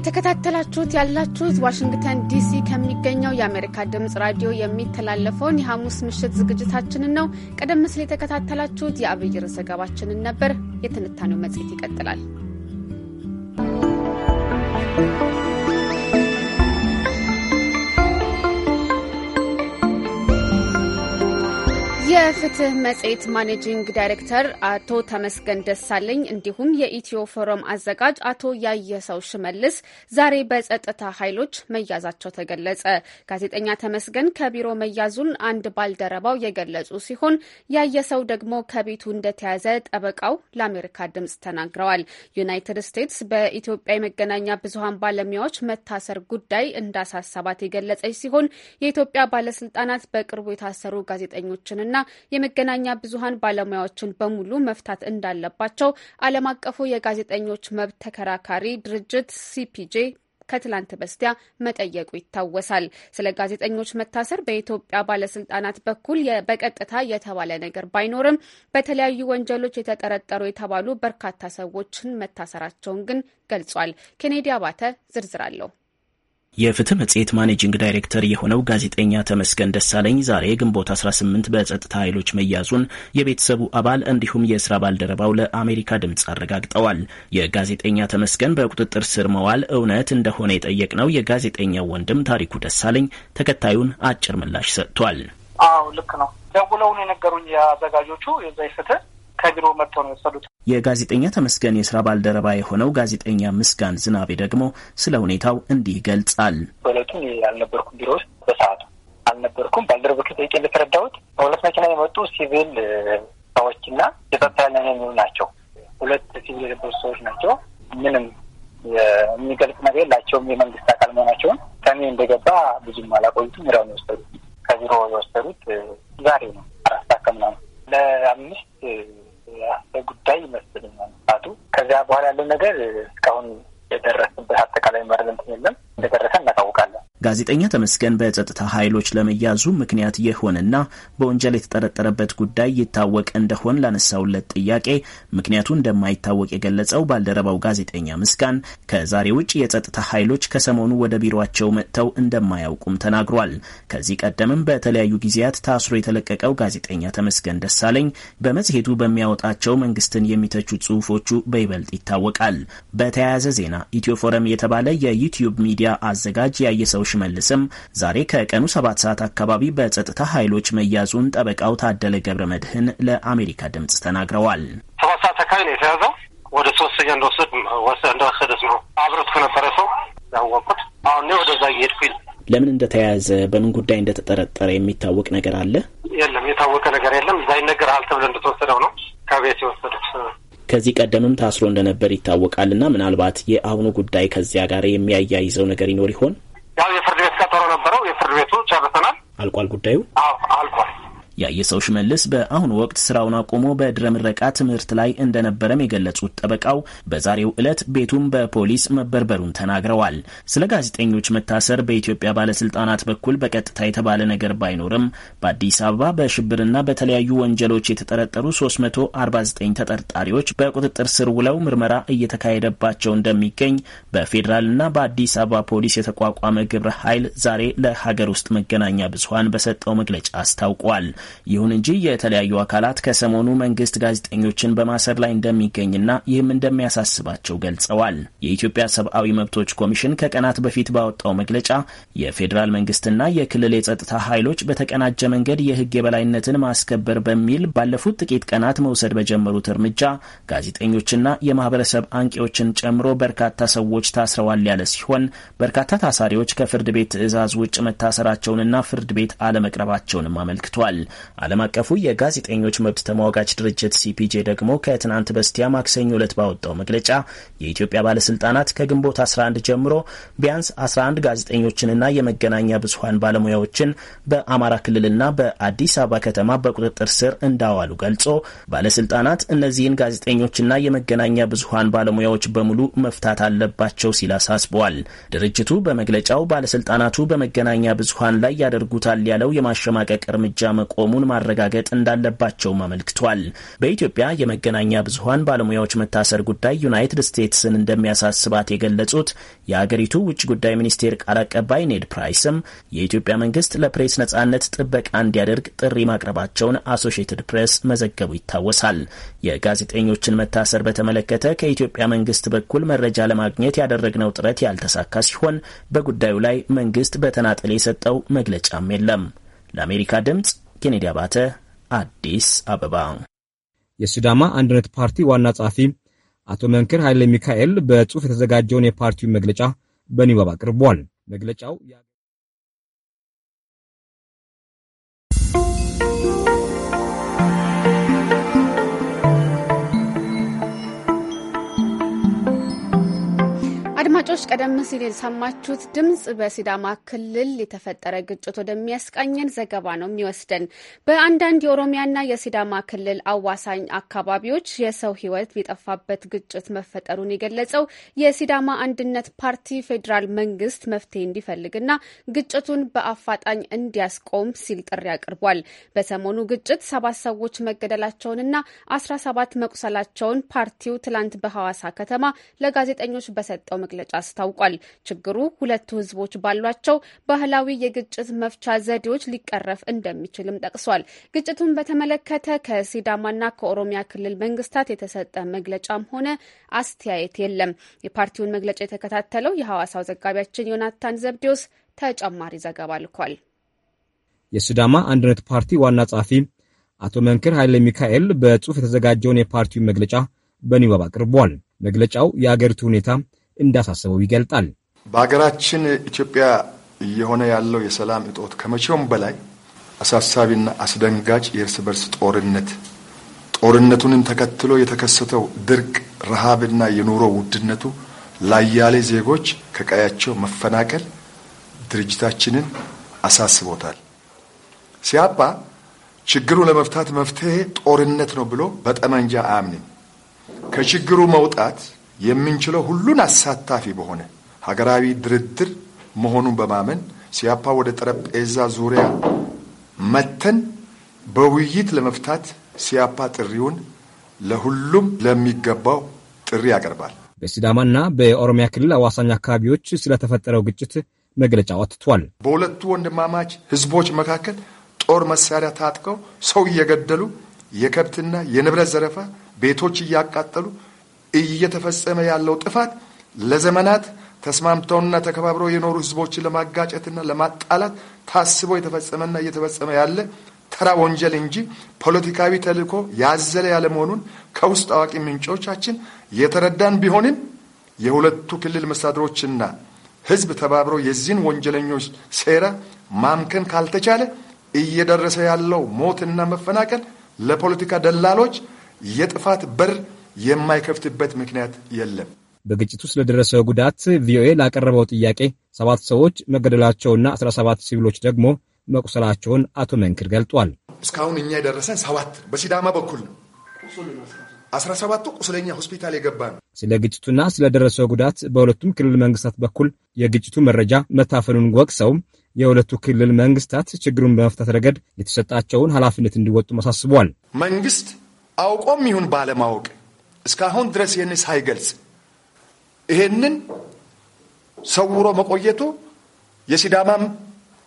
እየተከታተላችሁት ያላችሁት ዋሽንግተን ዲሲ ከሚገኘው የአሜሪካ ድምፅ ራዲዮ የሚተላለፈውን የሐሙስ ምሽት ዝግጅታችንን ነው። ቀደም ሲል የተከታተላችሁት የአብይ ዘገባችንን ነበር። የትንታኔው መጽሔት ይቀጥላል። የፍትህ መጽሔት ማኔጂንግ ዳይሬክተር አቶ ተመስገን ደሳለኝ እንዲሁም የኢትዮ ፎረም አዘጋጅ አቶ ያየሰው ሽመልስ ዛሬ በጸጥታ ኃይሎች መያዛቸው ተገለጸ። ጋዜጠኛ ተመስገን ከቢሮ መያዙን አንድ ባልደረባው የገለጹ ሲሆን ያየሰው ደግሞ ከቤቱ እንደተያዘ ጠበቃው ለአሜሪካ ድምጽ ተናግረዋል። ዩናይትድ ስቴትስ በኢትዮጵያ የመገናኛ ብዙሀን ባለሙያዎች መታሰር ጉዳይ እንዳሳሰባት የገለጸች ሲሆን የኢትዮጵያ ባለስልጣናት በቅርቡ የታሰሩ ጋዜጠኞችንና የመገናኛ ብዙሀን ባለሙያዎችን በሙሉ መፍታት እንዳለባቸው ዓለም አቀፉ የጋዜጠኞች መብት ተከራካሪ ድርጅት ሲፒጄ ከትላንት በስቲያ መጠየቁ ይታወሳል። ስለ ጋዜጠኞች መታሰር በኢትዮጵያ ባለስልጣናት በኩል በቀጥታ የተባለ ነገር ባይኖርም በተለያዩ ወንጀሎች የተጠረጠሩ የተባሉ በርካታ ሰዎችን መታሰራቸውን ግን ገልጿል። ኬኔዲ አባተ ዝርዝር አለው። የፍትህ መጽሔት ማኔጂንግ ዳይሬክተር የሆነው ጋዜጠኛ ተመስገን ደሳለኝ ዛሬ ግንቦት 18 በጸጥታ ኃይሎች መያዙን የቤተሰቡ አባል እንዲሁም የስራ ባልደረባው ለአሜሪካ ድምፅ አረጋግጠዋል። የጋዜጠኛ ተመስገን በቁጥጥር ስር መዋል እውነት እንደሆነ የጠየቅነው የጋዜጠኛው ወንድም ታሪኩ ደሳለኝ ተከታዩን አጭር ምላሽ ሰጥቷል። አዎ ልክ ነው። ደውለውን የነገሩኝ የአዘጋጆቹ የዛ ፍትህ ከቢሮ መጥተው ነው የወሰዱት። የጋዜጠኛ ተመስገን የስራ ባልደረባ የሆነው ጋዜጠኛ ምስጋን ዝናቤ ደግሞ ስለ ሁኔታው እንዲህ ይገልጻል። በእለቱ አልነበርኩም፣ ቢሮ ውስጥ በሰዓቱ አልነበርኩም። ባልደረቦቹ ጠይቄ እንደተረዳሁት በሁለት መኪና የመጡ ሲቪል ሰዎችና የጸጥታኛ የሚሆኑ ናቸው። ሁለት ሲቪል የነበሩ ሰዎች ናቸው። ምንም የሚገልጽ ነገር የላቸውም። የመንግስት አካል መሆናቸውን ከኔ እንደገባ ብዙም አላቆዩትም። ራው የወሰዱት ከቢሮ የወሰዱት ዛሬ ነው አራት ነው ለአምስት ጉዳይ ይመስልኛል ቱ ከዚያ በኋላ ያለው ነገር እስካሁን የደረስንበት አጠቃላይ መረምት የለም እንደደረሰ እናታውቃለን። ጋዜጠኛ ተመስገን በጸጥታ ኃይሎች ለመያዙ ምክንያት የሆነና በወንጀል የተጠረጠረበት ጉዳይ ይታወቅ እንደሆን ላነሳውለት ጥያቄ ምክንያቱ እንደማይታወቅ የገለጸው ባልደረባው ጋዜጠኛ ምስጋን ከዛሬ ውጭ የጸጥታ ኃይሎች ከሰሞኑ ወደ ቢሮቸው መጥተው እንደማያውቁም ተናግሯል። ከዚህ ቀደምም በተለያዩ ጊዜያት ታስሮ የተለቀቀው ጋዜጠኛ ተመስገን ደሳለኝ በመጽሔቱ በሚያወጣቸው መንግስትን የሚተቹ ጽሁፎቹ በይበልጥ ይታወቃል። በተያያዘ ዜና ኢትዮ ፎረም የተባለ የዩትዩብ ሚዲያ አዘጋጅ ያየሰው ሽመልስም ዛሬ ከቀኑ ሰባት ሰዓት አካባቢ በጸጥታ ኃይሎች መያዙን ጠበቃው ታደለ ገብረ መድህን ለአሜሪካ ድምጽ ተናግረዋል። ሰባት ሰዓት አካባቢ ነው የተያዘው። ወደ ሶስተኛ እንደወሰድ እንደወሰደስ ነው አብረት ከነበረ ሰው ያወቁት። አሁን እኔ ወደዛ እየሄድኩኝ። ለምን እንደተያያዘ በምን ጉዳይ እንደተጠረጠረ የሚታወቅ ነገር አለ? የለም፣ የታወቀ ነገር የለም። እዛ ይነገርሃል ተብሎ እንደተወሰደው ነው ከቤት የወሰዱት። ከዚህ ቀደምም ታስሮ እንደነበር ይታወቃል። እና ምናልባት የአሁኑ ጉዳይ ከዚያ ጋር የሚያያይዘው ነገር ይኖር ይሆን? ያው የፍርድ ቤት ቀጠሮ ነበረው። የፍርድ ቤቱ ጨርሰናል፣ አልቋል ጉዳዩ። አዎ ያየሰው ሽመልስ በአሁኑ ወቅት ስራውን አቁሞ በድረ ምረቃ ትምህርት ላይ እንደነበረም የገለጹት ጠበቃው በዛሬው ዕለት ቤቱም በፖሊስ መበርበሩን ተናግረዋል። ስለ ጋዜጠኞች መታሰር በኢትዮጵያ ባለስልጣናት በኩል በቀጥታ የተባለ ነገር ባይኖርም በአዲስ አበባ በሽብርና በተለያዩ ወንጀሎች የተጠረጠሩ 349 ተጠርጣሪዎች በቁጥጥር ስር ውለው ምርመራ እየተካሄደባቸው እንደሚገኝ በፌዴራልና በአዲስ አበባ ፖሊስ የተቋቋመ ግብረ ኃይል ዛሬ ለሀገር ውስጥ መገናኛ ብዙሀን በሰጠው መግለጫ አስታውቋል። ይሁን እንጂ የተለያዩ አካላት ከሰሞኑ መንግስት ጋዜጠኞችን በማሰር ላይ እንደሚገኝና ይህም እንደሚያሳስባቸው ገልጸዋል። የኢትዮጵያ ሰብአዊ መብቶች ኮሚሽን ከቀናት በፊት ባወጣው መግለጫ የፌዴራል መንግስትና የክልል የጸጥታ ኃይሎች በተቀናጀ መንገድ የህግ የበላይነትን ማስከበር በሚል ባለፉት ጥቂት ቀናት መውሰድ በጀመሩት እርምጃ ጋዜጠኞችና የማህበረሰብ አንቂዎችን ጨምሮ በርካታ ሰዎች ታስረዋል ያለ ሲሆን በርካታ ታሳሪዎች ከፍርድ ቤት ትዕዛዝ ውጭ መታሰራቸውንና ፍርድ ቤት አለመቅረባቸውንም አመልክቷል። ዓለም አቀፉ የጋዜጠኞች መብት ተሟጋች ድርጅት ሲፒጄ ደግሞ ከትናንት በስቲያ ማክሰኞ ዕለት ባወጣው መግለጫ የኢትዮጵያ ባለስልጣናት ከግንቦት 11 ጀምሮ ቢያንስ 11 ጋዜጠኞችንና የመገናኛ ብዙሀን ባለሙያዎችን በአማራ ክልልና በአዲስ አበባ ከተማ በቁጥጥር ስር እንዳዋሉ ገልጾ ባለስልጣናት እነዚህን ጋዜጠኞችና የመገናኛ ብዙሀን ባለሙያዎች በሙሉ መፍታት አለባቸው ሲል አሳስበዋል። ድርጅቱ በመግለጫው ባለስልጣናቱ በመገናኛ ብዙሀን ላይ ያደርጉታል ያለው የማሸማቀቅ እርምጃ መቆሙ መቆሙን ማረጋገጥ እንዳለባቸውም አመልክቷል። በኢትዮጵያ የመገናኛ ብዙሃን ባለሙያዎች መታሰር ጉዳይ ዩናይትድ ስቴትስን እንደሚያሳስባት የገለጹት የአገሪቱ ውጭ ጉዳይ ሚኒስቴር ቃል አቀባይ ኔድ ፕራይስም የኢትዮጵያ መንግስት ለፕሬስ ነጻነት ጥበቃ እንዲያደርግ ጥሪ ማቅረባቸውን አሶሽትድ ፕሬስ መዘገቡ ይታወሳል። የጋዜጠኞችን መታሰር በተመለከተ ከኢትዮጵያ መንግስት በኩል መረጃ ለማግኘት ያደረግነው ጥረት ያልተሳካ ሲሆን በጉዳዩ ላይ መንግስት በተናጠል የሰጠው መግለጫም የለም። ለአሜሪካ ድምፅ ኬኔዲ አባተ፣ አዲስ አበባ። የሲዳማ አንድነት ፓርቲ ዋና ጸሐፊ አቶ መንክር ኃይለ ሚካኤል በጽሑፍ የተዘጋጀውን የፓርቲውን መግለጫ በንባብ አቅርቧል። መግለጫው አድማጮች ቀደም ሲል የሰማችሁት ድምፅ በሲዳማ ክልል የተፈጠረ ግጭት ወደሚያስቃኘን ዘገባ ነው የሚወስደን። በአንዳንድ የኦሮሚያና የሲዳማ ክልል አዋሳኝ አካባቢዎች የሰው ሕይወት የጠፋበት ግጭት መፈጠሩን የገለጸው የሲዳማ አንድነት ፓርቲ ፌዴራል መንግስት መፍትሄ እንዲፈልግና ግጭቱን በአፋጣኝ እንዲያስቆም ሲል ጥሪ አቅርቧል። በሰሞኑ ግጭት ሰባት ሰዎች መገደላቸውንና አስራ ሰባት መቁሰላቸውን ፓርቲው ትላንት በሐዋሳ ከተማ ለጋዜጠኞች በሰጠው መግለጫ መግለጫ አስታውቋል። ችግሩ ሁለቱ ህዝቦች ባሏቸው ባህላዊ የግጭት መፍቻ ዘዴዎች ሊቀረፍ እንደሚችልም ጠቅሷል። ግጭቱን በተመለከተ ከሲዳማና ከኦሮሚያ ክልል መንግስታት የተሰጠ መግለጫም ሆነ አስተያየት የለም። የፓርቲውን መግለጫ የተከታተለው የሐዋሳው ዘጋቢያችን ዮናታን ዘብዴዎስ ተጨማሪ ዘገባ ልኳል። የሲዳማ አንድነት ፓርቲ ዋና ጸሐፊ አቶ መንክር ኃይለ ሚካኤል በጽሑፍ የተዘጋጀውን የፓርቲውን መግለጫ በንባብ አቅርቧል። መግለጫው የአገሪቱ ሁኔታ እንዳሳሰበው ይገልጣል። በሀገራችን ኢትዮጵያ እየሆነ ያለው የሰላም እጦት ከመቼውም በላይ አሳሳቢና አስደንጋጭ የእርስ በርስ ጦርነት ጦርነቱንም ተከትሎ የተከሰተው ድርቅ፣ ረሃብና የኑሮ ውድነቱ ላያሌ ዜጎች ከቀያቸው መፈናቀል ድርጅታችንን አሳስቦታል። ሲያባ ችግሩ ለመፍታት መፍትሄ ጦርነት ነው ብሎ በጠመንጃ አያምንም። ከችግሩ መውጣት የምንችለው ሁሉን አሳታፊ በሆነ ሀገራዊ ድርድር መሆኑን በማመን ሲያፓ ወደ ጠረጴዛ ዙሪያ መተን በውይይት ለመፍታት ሲያፓ ጥሪውን ለሁሉም ለሚገባው ጥሪ ያቀርባል። በሲዳማና በኦሮሚያ ክልል አዋሳኝ አካባቢዎች ስለተፈጠረው ግጭት መግለጫ ወጥቷል። በሁለቱ ወንድማማች ህዝቦች መካከል ጦር መሳሪያ ታጥቀው ሰው እየገደሉ የከብትና የንብረት ዘረፋ፣ ቤቶች እያቃጠሉ እየተፈጸመ ያለው ጥፋት ለዘመናት ተስማምተውና ተከባብረው የኖሩ ህዝቦችን ለማጋጨትና ለማጣላት ታስቦ የተፈጸመና እየተፈጸመ ያለ ተራ ወንጀል እንጂ ፖለቲካዊ ተልዕኮ ያዘለ ያለመሆኑን ከውስጥ አዋቂ ምንጮቻችን የተረዳን ቢሆንም የሁለቱ ክልል መስተዳድሮችና ህዝብ ተባብሮ የዚህን ወንጀለኞች ሴራ ማምከን ካልተቻለ እየደረሰ ያለው ሞትና መፈናቀል ለፖለቲካ ደላሎች የጥፋት በር የማይከፍትበት ምክንያት የለም። በግጭቱ ስለደረሰ ጉዳት ቪኦኤ ላቀረበው ጥያቄ ሰባት ሰዎች መገደላቸውና 17 ሲቪሎች ደግሞ መቁሰላቸውን አቶ መንክር ገልጧል። እስካሁን እኛ የደረሰን ሰባት በሲዳማ በኩል ነው። 17ቱ ቁስለኛ ሆስፒታል የገባ ነው። ስለ ግጭቱና ስለደረሰው ጉዳት በሁለቱም ክልል መንግስታት በኩል የግጭቱ መረጃ መታፈኑን ወቅሰው የሁለቱ ክልል መንግስታት ችግሩን በመፍታት ረገድ የተሰጣቸውን ኃላፊነት እንዲወጡ አሳስቧል። መንግስት አውቆም ይሁን ባለማወቅ እስካሁን ድረስ ይህን ሳይገልጽ ይሄንን ሰውሮ መቆየቱ የሲዳማም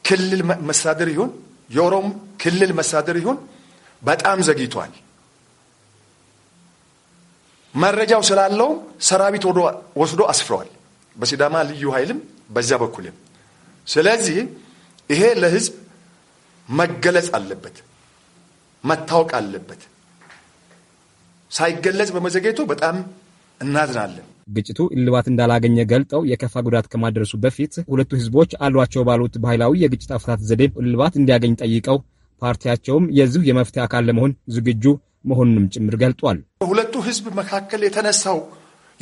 ክልል መስተዳድር ይሁን የኦሮም ክልል መስተዳድር ይሁን በጣም ዘግይቷል። መረጃው ስላለውም ሰራዊት ወስዶ አስፍረዋል። በሲዳማ ልዩ ኃይልም በዛ በኩልም። ስለዚህ ይሄ ለህዝብ መገለጽ አለበት፣ መታወቅ አለበት። ሳይገለጽ በመዘግየቱ በጣም እናዝናለን። ግጭቱ እልባት እንዳላገኘ ገልጠው የከፋ ጉዳት ከማድረሱ በፊት ሁለቱ ህዝቦች አሏቸው ባሉት ባህላዊ የግጭት አፍታት ዘዴ እልባት እንዲያገኝ ጠይቀው ፓርቲያቸውም የዚሁ የመፍትሄ አካል ለመሆን ዝግጁ መሆኑንም ጭምር ገልጧል። በሁለቱ ህዝብ መካከል የተነሳው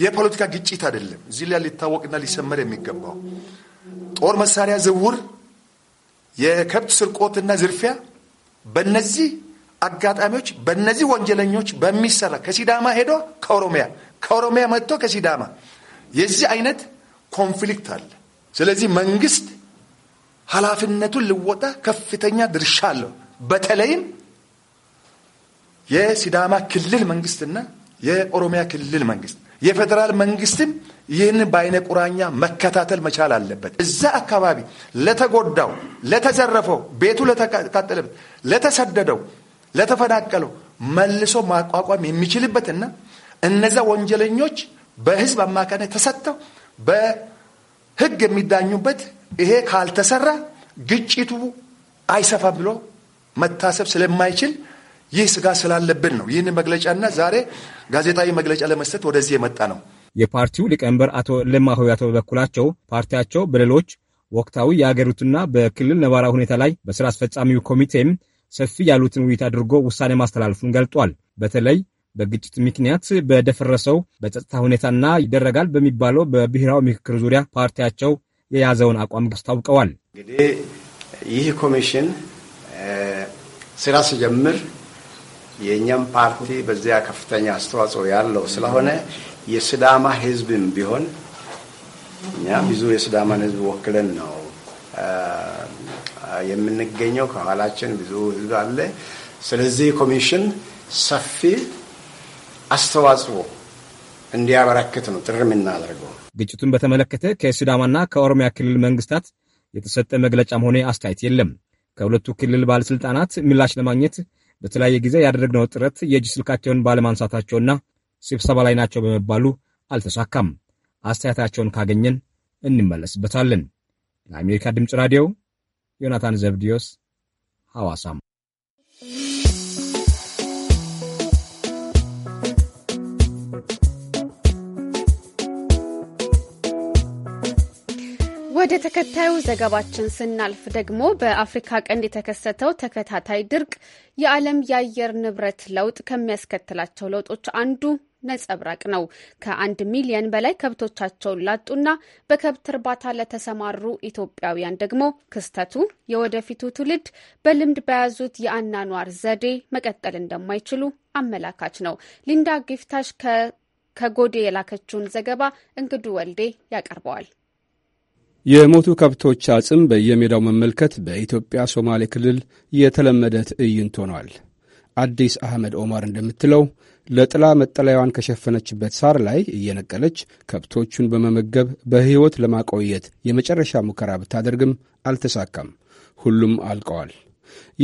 የፖለቲካ ግጭት አይደለም። እዚህ ላይ ሊታወቅና ሊሰመር የሚገባው ጦር መሳሪያ ዝውውር፣ የከብት ስርቆትና ዝርፊያ በእነዚህ አጋጣሚዎች በእነዚህ ወንጀለኞች በሚሰራ ከሲዳማ ሄዶ ከኦሮሚያ ከኦሮሚያ መጥቶ ከሲዳማ የዚህ አይነት ኮንፍሊክት አለ። ስለዚህ መንግስት ኃላፊነቱን ልወጣ ከፍተኛ ድርሻ አለው። በተለይም የሲዳማ ክልል መንግስትና የኦሮሚያ ክልል መንግስት የፌዴራል መንግስትም ይህን በአይነ ቁራኛ መከታተል መቻል አለበት። እዛ አካባቢ ለተጎዳው፣ ለተዘረፈው፣ ቤቱ ለተቃጠለበት፣ ለተሰደደው ለተፈናቀለው መልሶ ማቋቋም የሚችልበትና እነዚ ወንጀለኞች በህዝብ አማካኝነት ተሰጥተው በህግ የሚዳኙበት ይሄ ካልተሰራ ግጭቱ አይሰፋም ብሎ መታሰብ ስለማይችል ይህ ስጋ ስላለብን ነው ይህን መግለጫና ዛሬ ጋዜጣዊ መግለጫ ለመስጠት ወደዚህ የመጣ ነው። የፓርቲው ሊቀመንበር አቶ ለማ ሆያቶ በበኩላቸው ፓርቲያቸው በሌሎች ወቅታዊ የአገሪቱና በክልል ነባራዊ ሁኔታ ላይ በስራ አስፈጻሚው ኮሚቴም ሰፊ ያሉትን ውይይት አድርጎ ውሳኔ ማስተላለፉን ገልጧል። በተለይ በግጭት ምክንያት በደፈረሰው በጸጥታ ሁኔታና ይደረጋል በሚባለው በብሔራዊ ምክክር ዙሪያ ፓርቲያቸው የያዘውን አቋም አስታውቀዋል። እንግዲህ ይህ ኮሚሽን ስራ ሲጀምር የእኛም ፓርቲ በዚያ ከፍተኛ አስተዋጽኦ ያለው ስለሆነ የስዳማ ሕዝብም ቢሆን እኛ ብዙ የስዳማን ሕዝብ ወክለን ነው የምንገኘው። ከኋላችን ብዙ ህዝብ አለ። ስለዚህ ኮሚሽን ሰፊ አስተዋጽኦ እንዲያበረክት ነው ጥሪ የምናደርገው። ግጭቱን በተመለከተ ከሲዳማና ከኦሮሚያ ክልል መንግስታት የተሰጠ መግለጫም ሆነ አስተያየት የለም። ከሁለቱ ክልል ባለስልጣናት ምላሽ ለማግኘት በተለያየ ጊዜ ያደረግነው ጥረት የእጅ ስልካቸውን ባለማንሳታቸውና ስብሰባ ላይ ናቸው በመባሉ አልተሳካም። አስተያየታቸውን ካገኘን እንመለስበታለን። ለአሜሪካ ድምፅ ራዲዮ ዮናታን ዘብዲዮስ ሐዋሳም ወደ ተከታዩ ዘገባችን ስናልፍ ደግሞ በአፍሪካ ቀንድ የተከሰተው ተከታታይ ድርቅ የዓለም የአየር ንብረት ለውጥ ከሚያስከትላቸው ለውጦች አንዱ ነጸብራቅ ነው። ከአንድ ሚሊየን በላይ ከብቶቻቸውን ላጡና በከብት እርባታ ለተሰማሩ ኢትዮጵያውያን ደግሞ ክስተቱ የወደፊቱ ትውልድ በልምድ በያዙት የአናኗር ዘዴ መቀጠል እንደማይችሉ አመላካች ነው። ሊንዳ ጊፍታሽ ከጎዴ የላከችውን ዘገባ እንግዱ ወልዴ ያቀርበዋል። የሞቱ ከብቶች አጽም በየሜዳው መመልከት በኢትዮጵያ ሶማሌ ክልል የተለመደ ትዕይንት ሆኗል። አዲስ አህመድ ኦማር እንደምትለው ለጥላ መጠለያዋን ከሸፈነችበት ሳር ላይ እየነቀለች ከብቶቹን በመመገብ በሕይወት ለማቆየት የመጨረሻ ሙከራ ብታደርግም አልተሳካም። ሁሉም አልቀዋል።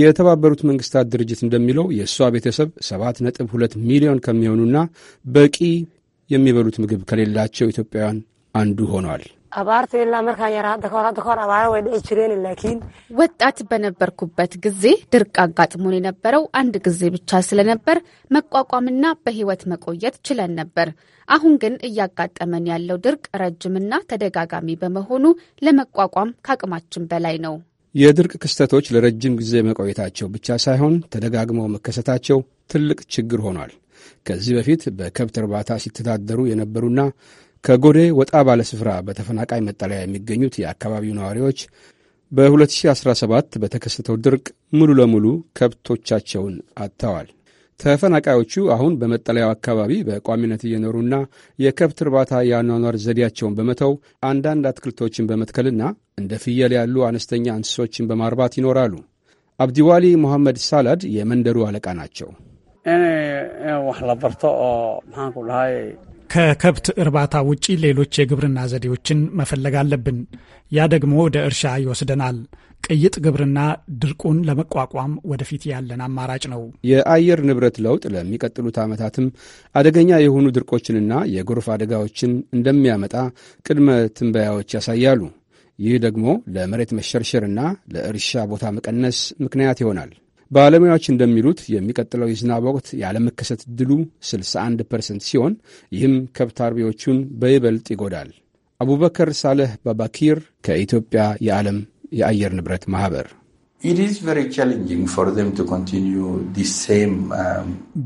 የተባበሩት መንግስታት ድርጅት እንደሚለው የእሷ ቤተሰብ 7.2 ሚሊዮን ከሚሆኑና በቂ የሚበሉት ምግብ ከሌላቸው ኢትዮጵያውያን አንዱ ሆኗል። abaartu ላ መርካ የራ ደኮራ ደኮራ hadda kahor abaara way ወጣት በነበርኩበት ጊዜ ድርቅ አጋጥሞን የነበረው አንድ ጊዜ ብቻ ስለነበር መቋቋምና በህይወት መቆየት ችለን ነበር። አሁን ግን እያጋጠመን ያለው ድርቅ ረጅምና ተደጋጋሚ በመሆኑ ለመቋቋም ከአቅማችን በላይ ነው። የድርቅ ክስተቶች ለረጅም ጊዜ መቆየታቸው ብቻ ሳይሆን ተደጋግመው መከሰታቸው ትልቅ ችግር ሆኗል። ከዚህ በፊት በከብት እርባታ ሲተዳደሩ የነበሩና ከጎዴ ወጣ ባለ ስፍራ በተፈናቃይ መጠለያ የሚገኙት የአካባቢው ነዋሪዎች በ2017 በተከሰተው ድርቅ ሙሉ ለሙሉ ከብቶቻቸውን አጥተዋል። ተፈናቃዮቹ አሁን በመጠለያው አካባቢ በቋሚነት እየኖሩና የከብት እርባታ የአኗኗር ዘዴያቸውን በመተው አንዳንድ አትክልቶችን በመትከልና እንደ ፍየል ያሉ አነስተኛ እንስሶችን በማርባት ይኖራሉ። አብዲዋሊ ሙሐመድ ሳላድ የመንደሩ አለቃ ናቸው። ከከብት እርባታ ውጪ ሌሎች የግብርና ዘዴዎችን መፈለግ አለብን። ያ ደግሞ ወደ እርሻ ይወስደናል። ቅይጥ ግብርና ድርቁን ለመቋቋም ወደፊት ያለን አማራጭ ነው። የአየር ንብረት ለውጥ ለሚቀጥሉት ዓመታትም አደገኛ የሆኑ ድርቆችንና የጎርፍ አደጋዎችን እንደሚያመጣ ቅድመ ትንበያዎች ያሳያሉ። ይህ ደግሞ ለመሬት መሸርሸርና ለእርሻ ቦታ መቀነስ ምክንያት ይሆናል። ባለሙያዎች እንደሚሉት የሚቀጥለው የዝናብ ወቅት ያለመከሰት ድሉ 61 ፐርሰንት ሲሆን ይህም ከብት አርቢዎቹን በይበልጥ ይጎዳል። አቡበከር ሳለህ ባባኪር ከኢትዮጵያ የዓለም የአየር ንብረት ማኅበር Um,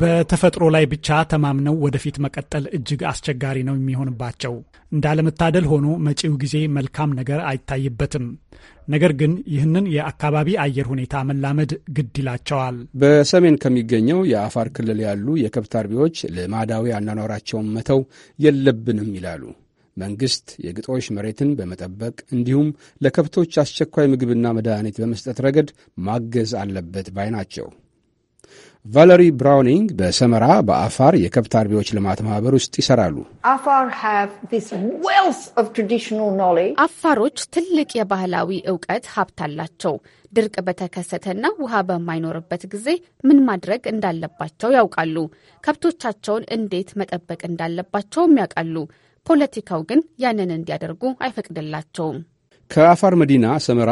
በተፈጥሮ ላይ ብቻ ተማምነው ወደፊት መቀጠል እጅግ አስቸጋሪ ነው የሚሆንባቸው። እንዳለመታደል ሆኖ መጪው ጊዜ መልካም ነገር አይታይበትም። ነገር ግን ይህንን የአካባቢ አየር ሁኔታ መላመድ ግድ ይላቸዋል። በሰሜን ከሚገኘው የአፋር ክልል ያሉ የከብት አርቢዎች ልማዳዊ አኗኗራቸውን መተው የለብንም ይላሉ። መንግሥት የግጦሽ መሬትን በመጠበቅ እንዲሁም ለከብቶች አስቸኳይ ምግብና መድኃኒት በመስጠት ረገድ ማገዝ አለበት ባይ ናቸው። ቫለሪ ብራውኒንግ በሰመራ በአፋር የከብት አርቢዎች ልማት ማህበር ውስጥ ይሰራሉ። አፋሮች ትልቅ የባህላዊ እውቀት ሀብት አላቸው። ድርቅ በተከሰተና ውሃ በማይኖርበት ጊዜ ምን ማድረግ እንዳለባቸው ያውቃሉ። ከብቶቻቸውን እንዴት መጠበቅ እንዳለባቸውም ያውቃሉ። ፖለቲካው ግን ያንን እንዲያደርጉ አይፈቅድላቸውም። ከአፋር መዲና ሰመራ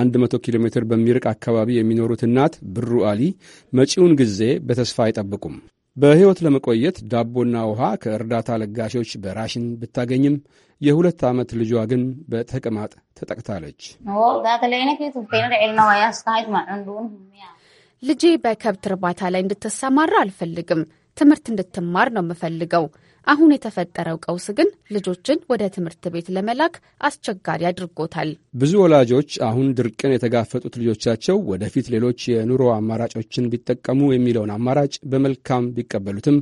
100 ኪሎ ሜትር በሚርቅ አካባቢ የሚኖሩት እናት ብሩ አሊ መጪውን ጊዜ በተስፋ አይጠብቁም። በሕይወት ለመቆየት ዳቦና ውሃ ከእርዳታ ለጋሾች በራሽን ብታገኝም የሁለት ዓመት ልጇ ግን በተቅማጥ ተጠቅታለች። ልጄ በከብት እርባታ ላይ እንድትሰማራ አልፈልግም። ትምህርት እንድትማር ነው የምፈልገው። አሁን የተፈጠረው ቀውስ ግን ልጆችን ወደ ትምህርት ቤት ለመላክ አስቸጋሪ አድርጎታል። ብዙ ወላጆች አሁን ድርቅን የተጋፈጡት ልጆቻቸው ወደፊት ሌሎች የኑሮ አማራጮችን ቢጠቀሙ የሚለውን አማራጭ በመልካም ቢቀበሉትም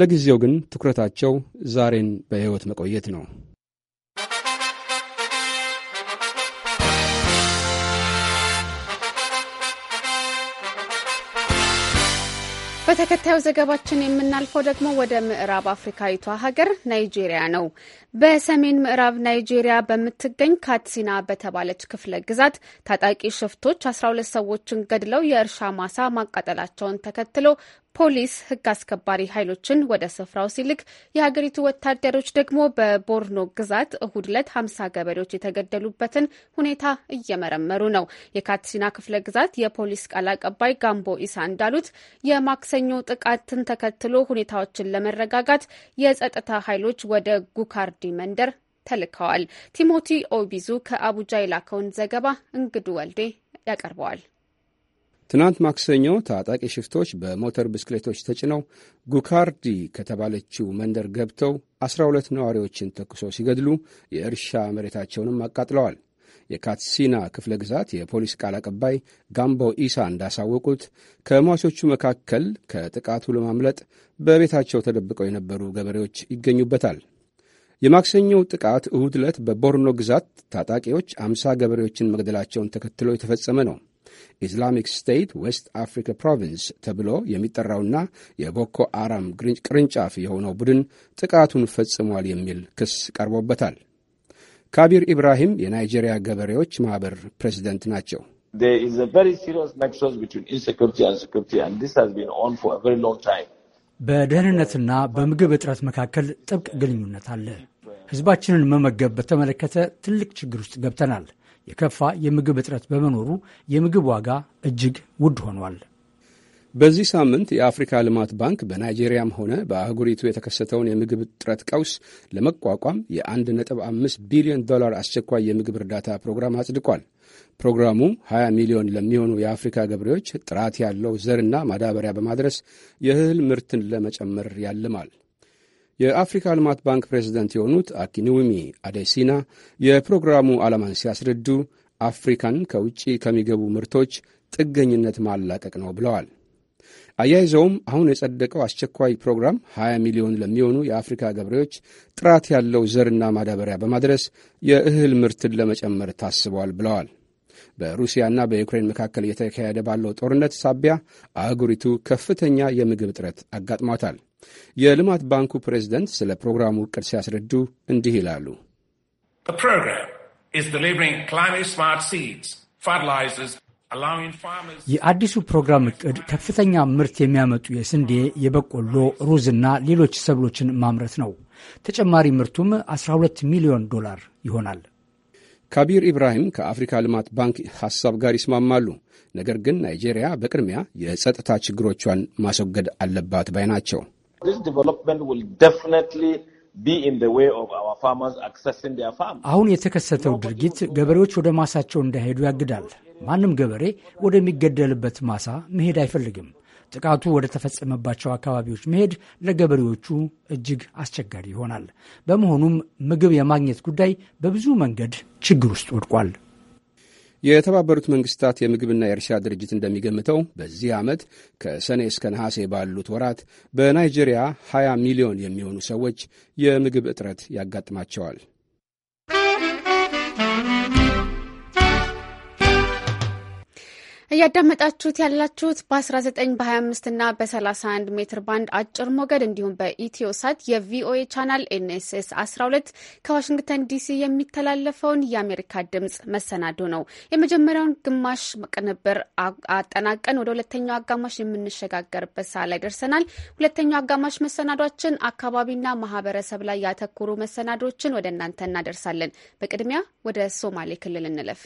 ለጊዜው ግን ትኩረታቸው ዛሬን በሕይወት መቆየት ነው። በተከታዩ ዘገባችን የምናልፈው ደግሞ ወደ ምዕራብ አፍሪካዊቷ ሀገር ናይጄሪያ ነው። በሰሜን ምዕራብ ናይጄሪያ በምትገኝ ካትሲና በተባለች ክፍለ ግዛት ታጣቂ ሽፍቶች 12 ሰዎችን ገድለው የእርሻ ማሳ ማቃጠላቸውን ተከትሎ ፖሊስ ህግ አስከባሪ ኃይሎችን ወደ ስፍራው ሲልክ የሀገሪቱ ወታደሮች ደግሞ በቦርኖ ግዛት እሁድ ዕለት ሀምሳ ገበሬዎች የተገደሉበትን ሁኔታ እየመረመሩ ነው። የካትሲና ክፍለ ግዛት የፖሊስ ቃል አቀባይ ጋምቦ ኢሳ እንዳሉት የማክሰኞ ጥቃትን ተከትሎ ሁኔታዎችን ለመረጋጋት የጸጥታ ኃይሎች ወደ ጉካርዲ መንደር ተልከዋል። ቲሞቲ ኦቢዙ ከአቡጃ የላከውን ዘገባ እንግዱ ወልዴ ያቀርበዋል። ትናንት ማክሰኞ ታጣቂ ሽፍቶች በሞተር ብስክሌቶች ተጭነው ጉካርዲ ከተባለችው መንደር ገብተው 12 ነዋሪዎችን ተኩሶ ሲገድሉ የእርሻ መሬታቸውንም አቃጥለዋል። የካትሲና ክፍለ ግዛት የፖሊስ ቃል አቀባይ ጋምቦ ኢሳ እንዳሳወቁት ከሟቾቹ መካከል ከጥቃቱ ለማምለጥ በቤታቸው ተደብቀው የነበሩ ገበሬዎች ይገኙበታል። የማክሰኞው ጥቃት እሁድ ዕለት በቦርኖ ግዛት ታጣቂዎች አምሳ ገበሬዎችን መግደላቸውን ተከትሎ የተፈጸመ ነው። ኢስላሚክ ስቴት ዌስት አፍሪካ ፕሮቪንስ ተብሎ የሚጠራውና የቦኮ አራም ቅርንጫፍ የሆነው ቡድን ጥቃቱን ፈጽሟል የሚል ክስ ቀርቦበታል። ካቢር ኢብራሂም የናይጄሪያ ገበሬዎች ማኅበር ፕሬዚደንት ናቸው። በደህንነትና በምግብ እጥረት መካከል ጥብቅ ግንኙነት አለ። ሕዝባችንን መመገብ በተመለከተ ትልቅ ችግር ውስጥ ገብተናል። የከፋ የምግብ እጥረት በመኖሩ የምግብ ዋጋ እጅግ ውድ ሆኗል። በዚህ ሳምንት የአፍሪካ ልማት ባንክ በናይጄሪያም ሆነ በአህጉሪቱ የተከሰተውን የምግብ እጥረት ቀውስ ለመቋቋም የ1.5 ቢሊዮን ዶላር አስቸኳይ የምግብ እርዳታ ፕሮግራም አጽድቋል። ፕሮግራሙ 20 ሚሊዮን ለሚሆኑ የአፍሪካ ገበሬዎች ጥራት ያለው ዘርና ማዳበሪያ በማድረስ የእህል ምርትን ለመጨመር ያልማል። የአፍሪካ ልማት ባንክ ፕሬዝደንት የሆኑት አኪኒውሚ አደሲና የፕሮግራሙ ዓላማን ሲያስረዱ አፍሪካን ከውጭ ከሚገቡ ምርቶች ጥገኝነት ማላቀቅ ነው ብለዋል። አያይዘውም አሁን የጸደቀው አስቸኳይ ፕሮግራም 20 ሚሊዮን ለሚሆኑ የአፍሪካ ገበሬዎች ጥራት ያለው ዘርና ማዳበሪያ በማድረስ የእህል ምርትን ለመጨመር ታስበዋል ብለዋል። በሩሲያና በዩክሬን መካከል እየተካሄደ ባለው ጦርነት ሳቢያ አህጉሪቱ ከፍተኛ የምግብ እጥረት አጋጥሟታል። የልማት ባንኩ ፕሬዝደንት ስለ ፕሮግራሙ እቅድ ሲያስረዱ እንዲህ ይላሉ። የአዲሱ ፕሮግራም እቅድ ከፍተኛ ምርት የሚያመጡ የስንዴ፣ የበቆሎ፣ ሩዝና ሌሎች ሰብሎችን ማምረት ነው። ተጨማሪ ምርቱም 12 ሚሊዮን ዶላር ይሆናል። ካቢር ኢብራሂም ከአፍሪካ ልማት ባንክ ሐሳብ ጋር ይስማማሉ። ነገር ግን ናይጄሪያ በቅድሚያ የጸጥታ ችግሮቿን ማስወገድ አለባት ባይ ናቸው። አሁን የተከሰተው ድርጊት ገበሬዎች ወደ ማሳቸው እንዳይሄዱ ያግዳል። ማንም ገበሬ ወደሚገደልበት ማሳ መሄድ አይፈልግም። ጥቃቱ ወደ ተፈጸመባቸው አካባቢዎች መሄድ ለገበሬዎቹ እጅግ አስቸጋሪ ይሆናል። በመሆኑም ምግብ የማግኘት ጉዳይ በብዙ መንገድ ችግር ውስጥ ወድቋል። የተባበሩት መንግስታት የምግብና የእርሻ ድርጅት እንደሚገምተው በዚህ ዓመት ከሰኔ እስከ ነሐሴ ባሉት ወራት በናይጄሪያ 20 ሚሊዮን የሚሆኑ ሰዎች የምግብ እጥረት ያጋጥማቸዋል። እያዳመጣችሁት ያላችሁት በ19 በ25 እና በ31 ሜትር ባንድ አጭር ሞገድ እንዲሁም በኢትዮ ሳት የቪኦኤ ቻናል ኤንኤስኤስ 12 ከዋሽንግተን ዲሲ የሚተላለፈውን የአሜሪካ ድምፅ መሰናዶ ነው። የመጀመሪያውን ግማሽ ቅንብር አጠናቀን ወደ ሁለተኛው አጋማሽ የምንሸጋገርበት ሰዓት ላይ ደርሰናል። ሁለተኛው አጋማሽ መሰናዷችን አካባቢና ማህበረሰብ ላይ ያተኮሩ መሰናዶችን ወደ እናንተ እናደርሳለን። በቅድሚያ ወደ ሶማሌ ክልል እንለፍ።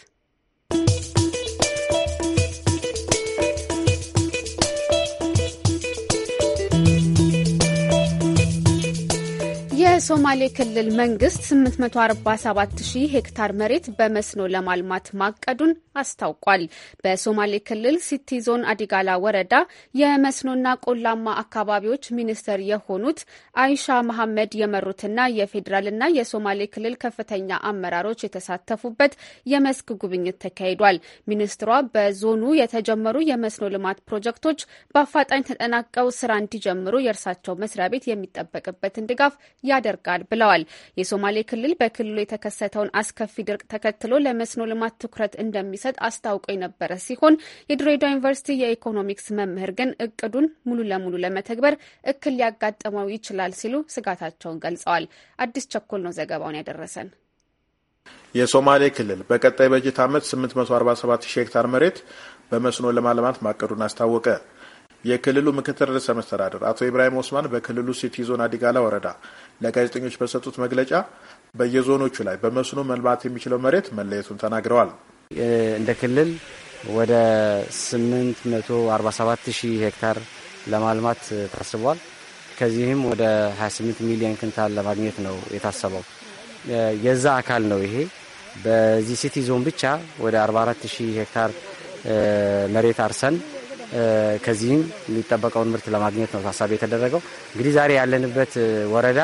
የሶማሌ ክልል መንግስት 8470 ሄክታር መሬት በመስኖ ለማልማት ማቀዱን አስታውቋል። በሶማሌ ክልል ሲቲ ዞን አዲጋላ ወረዳ የመስኖና ቆላማ አካባቢዎች ሚኒስትር የሆኑት አይሻ መሐመድ የመሩትና የፌዴራልና የሶማሌ ክልል ከፍተኛ አመራሮች የተሳተፉበት የመስክ ጉብኝት ተካሂዷል። ሚኒስትሯ በዞኑ የተጀመሩ የመስኖ ልማት ፕሮጀክቶች በአፋጣኝ ተጠናቀው ስራ እንዲጀምሩ የእርሳቸው መስሪያ ቤት የሚጠበቅበትን ድጋፍ ያደ ይደርቃል ብለዋል። የሶማሌ ክልል በክልሉ የተከሰተውን አስከፊ ድርቅ ተከትሎ ለመስኖ ልማት ትኩረት እንደሚሰጥ አስታውቆ የነበረ ሲሆን የድሬዳዋ ዩኒቨርሲቲ የኢኮኖሚክስ መምህር ግን እቅዱን ሙሉ ለሙሉ ለመተግበር እክል ሊያጋጥመው ይችላል ሲሉ ስጋታቸውን ገልጸዋል። አዲስ ቸኮል ነው ዘገባውን ያደረሰን። የሶማሌ ክልል በቀጣይ በጀት ዓመት 847 ሺህ ሄክታር መሬት በመስኖ ለማልማት ማቀዱን አስታወቀ። የክልሉ ምክትል ርዕሰ መስተዳደር አቶ ኢብራሂም ኦስማን በክልሉ ሲቲ ዞን አዲጋላ ወረዳ ለጋዜጠኞች በሰጡት መግለጫ በየዞኖቹ ላይ በመስኖ መልማት የሚችለው መሬት መለየቱን ተናግረዋል። እንደ ክልል ወደ 847 ሺህ ሄክታር ለማልማት ታስቧል። ከዚህም ወደ 28 ሚሊዮን ክንታል ለማግኘት ነው የታሰበው። የዛ አካል ነው ይሄ። በዚህ ሲቲ ዞን ብቻ ወደ 44 ሺህ ሄክታር መሬት አርሰን ከዚህም የሚጠበቀውን ምርት ለማግኘት ነው ታሳቢ የተደረገው። እንግዲህ ዛሬ ያለንበት ወረዳ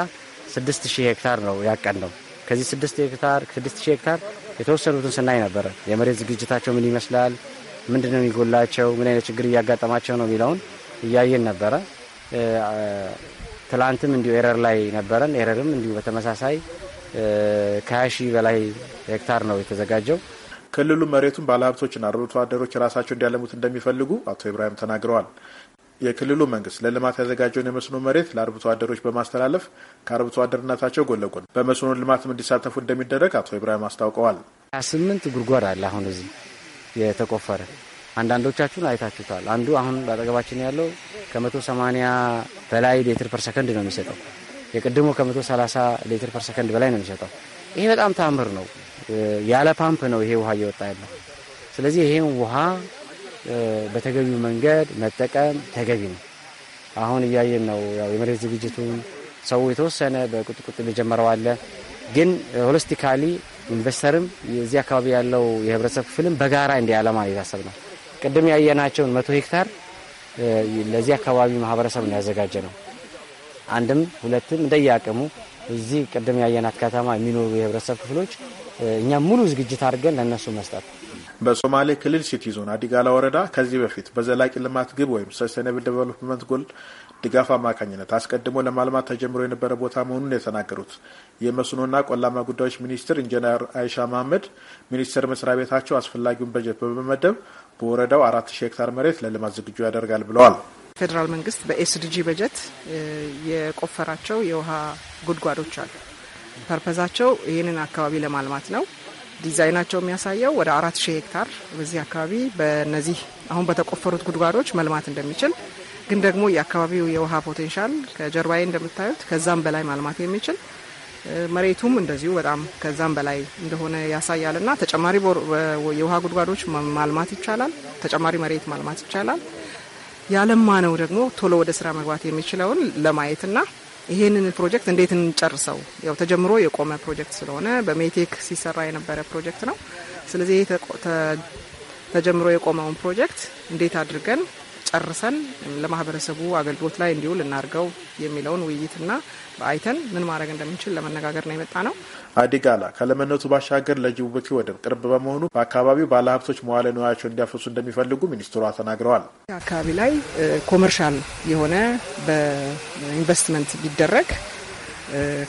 6000 ሄክታር ነው ያቀን ነው። ከዚህ 6 ሄክታር 6000 ሄክታር የተወሰኑትን ስናይ ነበረ የመሬት ዝግጅታቸው ምን ይመስላል፣ ምንድን ነው የሚጎላቸው፣ ምን አይነት ችግር እያጋጠማቸው ነው የሚለውን እያየን ነበረ። ትላንትም እንዲሁ ኤረር ላይ ነበረን። ኤረርም እንዲሁ በተመሳሳይ ከ20 ሺህ በላይ ሄክታር ነው የተዘጋጀው። ክልሉ መሬቱን ባለሀብቶችና አርብቶ አደሮች ራሳቸው እንዲያለሙት እንደሚፈልጉ አቶ ኢብራሂም ተናግረዋል። የክልሉ መንግስት ለልማት ያዘጋጀውን የመስኖ መሬት ለአርብቶ አደሮች በማስተላለፍ ከአርብቶ አደርነታቸው ጎን ለጎን በመስኖ ልማትም እንዲሳተፉ እንደሚደረግ አቶ ኢብራሂም አስታውቀዋል። ስምንት ጉድጓድ አለ አሁን እዚህ የተቆፈረ አንዳንዶቻችሁን አይታችሁታል። አንዱ አሁን በአጠገባችን ያለው ከመቶ ሰማንያ በላይ ሌትር ፐር ሰከንድ ነው የሚሰጠው። የቅድሞ ከመቶ ሰላሳ ሌትር ፐር ሰከንድ በላይ ነው የሚሰጠው። ይሄ በጣም ታምር ነው። ያለ ፓምፕ ነው ይሄ ውሃ እየወጣ ያለው። ስለዚህ ይሄን ውሃ በተገቢው መንገድ መጠቀም ተገቢ ነው። አሁን እያየን ነው። ያው የመሬት ዝግጅቱን ሰው የተወሰነ በቁጥቁጥ የጀመረው አለ። ግን ሆሊስቲካሊ ኢንቨስተርም የዚህ አካባቢ ያለው የህብረተሰብ ክፍልም በጋራ እንዲ የታሰብ ነው። ቅድም ያየናቸውን መቶ ሄክታር ለዚህ አካባቢ ማህበረሰብ ነው ያዘጋጀ ነው። አንድም ሁለትም እንደየአቅሙ እዚህ ቅድም ያየናት ከተማ የሚኖሩ የህብረተሰብ ክፍሎች እኛ ሙሉ ዝግጅት አድርገን ለእነሱ መስጠት በሶማሌ ክልል ሲቲ ዞን አዲጋላ ወረዳ ከዚህ በፊት በዘላቂ ልማት ግብ ወይም ሰስተነብል ዴቨሎፕመንት ጎል ድጋፍ አማካኝነት አስቀድሞ ለማልማት ተጀምሮ የነበረ ቦታ መሆኑን የተናገሩት የመስኖና ቆላማ ጉዳዮች ሚኒስትር ኢንጂነር አይሻ መሀመድ ሚኒስቴር መስሪያ ቤታቸው አስፈላጊውን በጀት በመመደብ በወረዳው አራት ሺ ሄክታር መሬት ለልማት ዝግጁ ያደርጋል ብለዋል። ፌዴራል መንግስት በኤስዲጂ በጀት የቆፈራቸው የውሃ ጉድጓዶች አሉ። ፐርፐዛቸው ይህንን አካባቢ ለማልማት ነው። ዲዛይናቸው የሚያሳየው ወደ አራት ሺህ ሄክታር በዚህ አካባቢ በነዚህ አሁን በተቆፈሩት ጉድጓዶች መልማት እንደሚችል ግን ደግሞ የአካባቢው የውሃ ፖቴንሻል ከጀርባዬ እንደምታዩት ከዛም በላይ ማልማት የሚችል መሬቱም እንደዚሁ በጣም ከዛም በላይ እንደሆነ ያሳያል እና ተጨማሪ የውሃ ጉድጓዶች ማልማት ይቻላል። ተጨማሪ መሬት ማልማት ይቻላል። ያለማ ነው ደግሞ ቶሎ ወደ ስራ መግባት የሚችለውን ለማየትና ይህንን ፕሮጀክት እንዴት እንጨርሰው? ያው ተጀምሮ የቆመ ፕሮጀክት ስለሆነ በሜቴክ ሲሰራ የነበረ ፕሮጀክት ነው። ስለዚህ ተጀምሮ የቆመውን ፕሮጀክት እንዴት አድርገን ጨርሰን ለማህበረሰቡ አገልግሎት ላይ እንዲውል እናርገው የሚለውን ውይይትና አይተን ምን ማድረግ እንደምንችል ለመነጋገር ነው የመጣ ነው። አዲጋላ ከለመነቱ ባሻገር ለጅቡቲ ወደብ ቅርብ በመሆኑ በአካባቢው ባለሀብቶች መዋለ ንዋያቸው እንዲያፈሱ እንደሚፈልጉ ሚኒስትሯ ተናግረዋል። አካባቢ ላይ ኮመርሻል የሆነ በኢንቨስትመንት ቢደረግ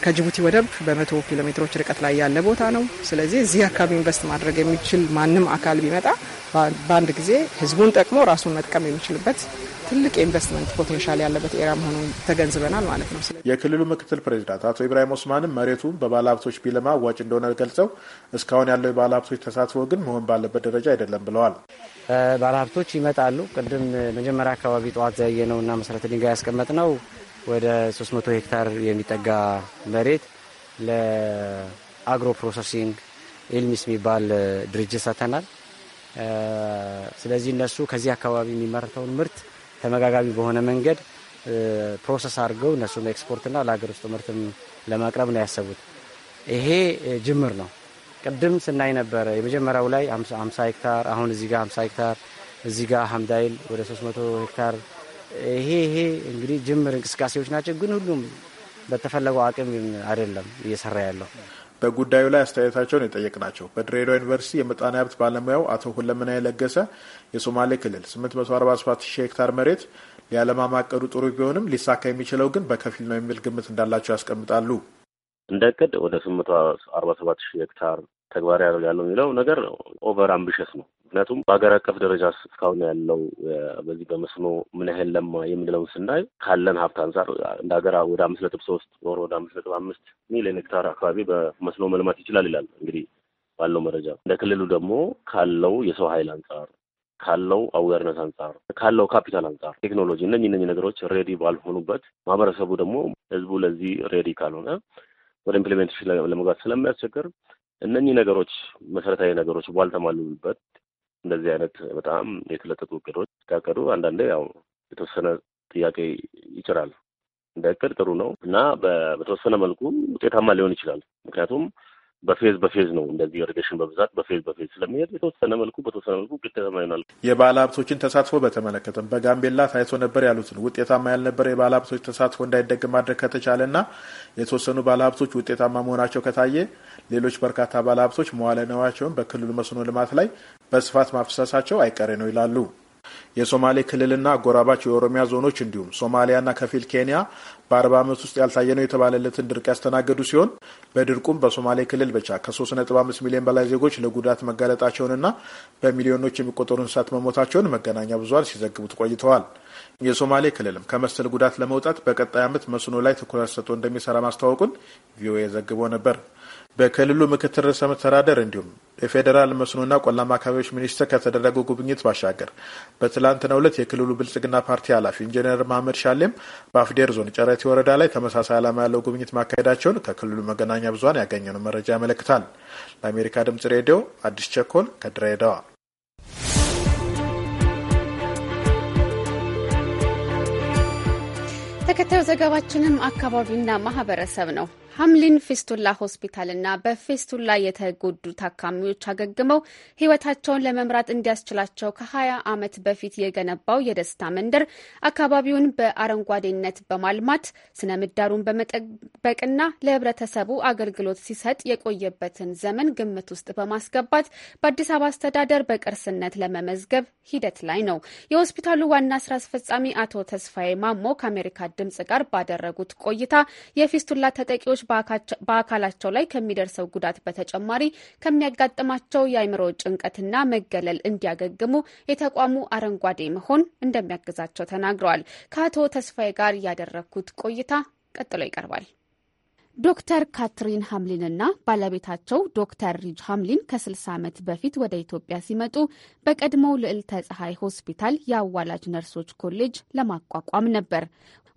ከጅቡቲ ወደብ በመቶ ኪሎ ሜትሮች ርቀት ላይ ያለ ቦታ ነው። ስለዚህ እዚህ አካባቢ ኢንቨስት ማድረግ የሚችል ማንም አካል ቢመጣ በአንድ ጊዜ ህዝቡን ጠቅሞ ራሱን መጥቀም የሚችልበት ትልቅ የኢንቨስትመንት ፖቴንሻል ያለበት ኤራ መሆኑን ተገንዝበናል ማለት ነው። የክልሉ ምክትል ፕሬዚዳንት አቶ ኢብራሂም ኦስማንም መሬቱ በባለ ሀብቶች ቢለማ አዋጭ እንደሆነ ገልጸው እስካሁን ያለው የባለ ሀብቶች ተሳትፎ ግን መሆን ባለበት ደረጃ አይደለም ብለዋል። ባለ ሀብቶች ይመጣሉ። ቅድም መጀመሪያ አካባቢ ጠዋት ነው እና መሰረተ ድንጋይ ያስቀመጥ ነው ወደ 300 ሄክታር የሚጠጋ መሬት ለአግሮ ፕሮሰሲንግ ኤልሚስ የሚባል ድርጅት ሰጥተናል። ስለዚህ እነሱ ከዚህ አካባቢ የሚመረተውን ምርት ተመጋጋቢ በሆነ መንገድ ፕሮሰስ አድርገው እነሱም ኤክስፖርትና ለሀገር ውስጥ ምርትም ለማቅረብ ነው ያሰቡት። ይሄ ጅምር ነው። ቅድም ስናይ ነበረ የመጀመሪያው ላይ 50 ሄክታር፣ አሁን እዚህ ጋር 50 ሄክታር፣ እዚህ ጋር ሀምዳይል ወደ 300 ሄክታር ይሄ ይሄ እንግዲህ ጅምር እንቅስቃሴዎች ናቸው። ግን ሁሉም በተፈለገው አቅም አይደለም እየሰራ ያለው። በጉዳዩ ላይ አስተያየታቸውን የጠየቅናቸው በድሬዳዋ ዩኒቨርሲቲ የምጣኔ ሀብት ባለሙያው አቶ ሁለምና የለገሰ የሶማሌ ክልል 847 ሺህ ሄክታር መሬት ሊያለማ ማቀዱ ጥሩ ቢሆንም ሊሳካ የሚችለው ግን በከፊል ነው የሚል ግምት እንዳላቸው ያስቀምጣሉ። እንደ እቅድ ወደ 847 ሺህ ሄክታር ተግባራዊ ያደርጋለሁ የሚለው ነገር ኦቨር አምቢሸስ ነው። ምክንያቱም በሀገር አቀፍ ደረጃ እስካሁን ያለው በዚህ በመስኖ ምን ያህል ለማ የምንለውን ስናይ ካለን ሀብት አንጻር እንደ ሀገር ወደ አምስት ነጥብ ሶስት ወር ወደ አምስት ነጥብ አምስት ሚሊዮን ሄክታር አካባቢ በመስኖ መልማት ይችላል ይላል እንግዲህ ባለው መረጃ። እንደ ክልሉ ደግሞ ካለው የሰው ኃይል አንጻር ካለው አዌርነስ አንጻር ካለው ካፒታል አንጻር ቴክኖሎጂ እነኚህ እነኚህ ነገሮች ሬዲ ባልሆኑበት ማህበረሰቡ ደግሞ ህዝቡ ለዚህ ሬዲ ካልሆነ ወደ ኢምፕሊሜንቴሽን ለመግባት ስለሚያስቸግር እነኚህ ነገሮች መሰረታዊ ነገሮች ባልተሟሉበት እንደዚህ አይነት በጣም የተለጠጡ እቅዶች ሲታቀዱ አንዳንዴ ያው የተወሰነ ጥያቄ ይጭራል። እንደ እቅድ ጥሩ ነው እና በተወሰነ መልኩ ውጤታማ ሊሆን ይችላል። ምክንያቱም በፌዝ በፌዝ ነው እንደዚህ ኢሪጌሽን በብዛት በፌዝ በፌዝ ስለሚሄድ የተወሰነ መልኩ በተወሰነ መልኩ ውጤታማ ይሆናል። የባለ ሀብቶችን ተሳትፎ በተመለከተም በጋምቤላ ታይቶ ነበር ያሉትን ውጤታማ ያልነበረ የባለ ሀብቶች ተሳትፎ እንዳይደግም ማድረግ ከተቻለና የተወሰኑ ባለ ሀብቶች ውጤታማ መሆናቸው ከታየ ሌሎች በርካታ ባለ ሀብቶች መዋለ በክልሉ መስኖ ልማት ላይ በስፋት ማፍሰሳቸው አይቀሬ ነው ይላሉ። የሶማሌ ክልልና አጎራባች የኦሮሚያ ዞኖች እንዲሁም ሶማሊያና ከፊል ኬንያ በአርባ ዓመት ውስጥ ያልታየ ነው የተባለለትን ድርቅ ያስተናገዱ ሲሆን በድርቁም በሶማሌ ክልል ብቻ ከ ነጥብ አምስት ሚሊዮን በላይ ዜጎች ለጉዳት መጋለጣቸውንና በሚሊዮኖች የሚቆጠሩ እንስሳት መሞታቸውን መገናኛ ብዙኃን ሲዘግቡት ቆይተዋል። የሶማሌ ክልልም ከመሰል ጉዳት ለመውጣት በቀጣይ ዓመት መስኖ ላይ ትኩረት ሰጥቶ እንደሚሰራ ማስታወቁን ቪኦኤ ዘግቦ ነበር። በክልሉ ምክትል ርዕሰ መስተዳደር እንዲሁም የፌዴራል መስኖና ቆላማ አካባቢዎች ሚኒስትር ከተደረገው ጉብኝት ባሻገር በትላንትናው ዕለት የክልሉ ብልጽግና ፓርቲ ኃላፊ ኢንጂነር መሀመድ ሻሌም በአፍዴር ዞን ጨረቲ ወረዳ ላይ ተመሳሳይ ዓላማ ያለው ጉብኝት ማካሄዳቸውን ከክልሉ መገናኛ ብዙኃን ያገኘነው መረጃ ያመለክታል። ለአሜሪካ ድምጽ ሬዲዮ አዲስ ቸኮል ከድሬዳዋ። ተከታዩ ዘገባችንም አካባቢና ማህበረሰብ ነው። ሀምሊን ፌስቱላ ሆስፒታልና በፌስቱላ የተጎዱ ታካሚዎች አገግመው ህይወታቸውን ለመምራት እንዲያስችላቸው ከ20 ዓመት በፊት የገነባው የደስታ መንደር አካባቢውን በአረንጓዴነት በማልማት ስነ ምህዳሩን በመጠበቅና ለህብረተሰቡ አገልግሎት ሲሰጥ የቆየበትን ዘመን ግምት ውስጥ በማስገባት በአዲስ አበባ አስተዳደር በቅርስነት ለመመዝገብ ሂደት ላይ ነው። የሆስፒታሉ ዋና ስራ አስፈጻሚ አቶ ተስፋዬ ማሞ ከአሜሪካ ድምጽ ጋር ባደረጉት ቆይታ የፌስቱላ ተጠቂዎች በአካላቸው ላይ ከሚደርሰው ጉዳት በተጨማሪ ከሚያጋጥማቸው የአይምሮ ጭንቀትና መገለል እንዲያገግሙ የተቋሙ አረንጓዴ መሆን እንደሚያግዛቸው ተናግረዋል። ከአቶ ተስፋዬ ጋር ያደረግኩት ቆይታ ቀጥሎ ይቀርባል። ዶክተር ካትሪን ሀምሊንና ባለቤታቸው ዶክተር ሪጅ ሀምሊን ከ60 ዓመት በፊት ወደ ኢትዮጵያ ሲመጡ በቀድሞው ልዕልተ ፀሐይ ሆስፒታል የአዋላጅ ነርሶች ኮሌጅ ለማቋቋም ነበር።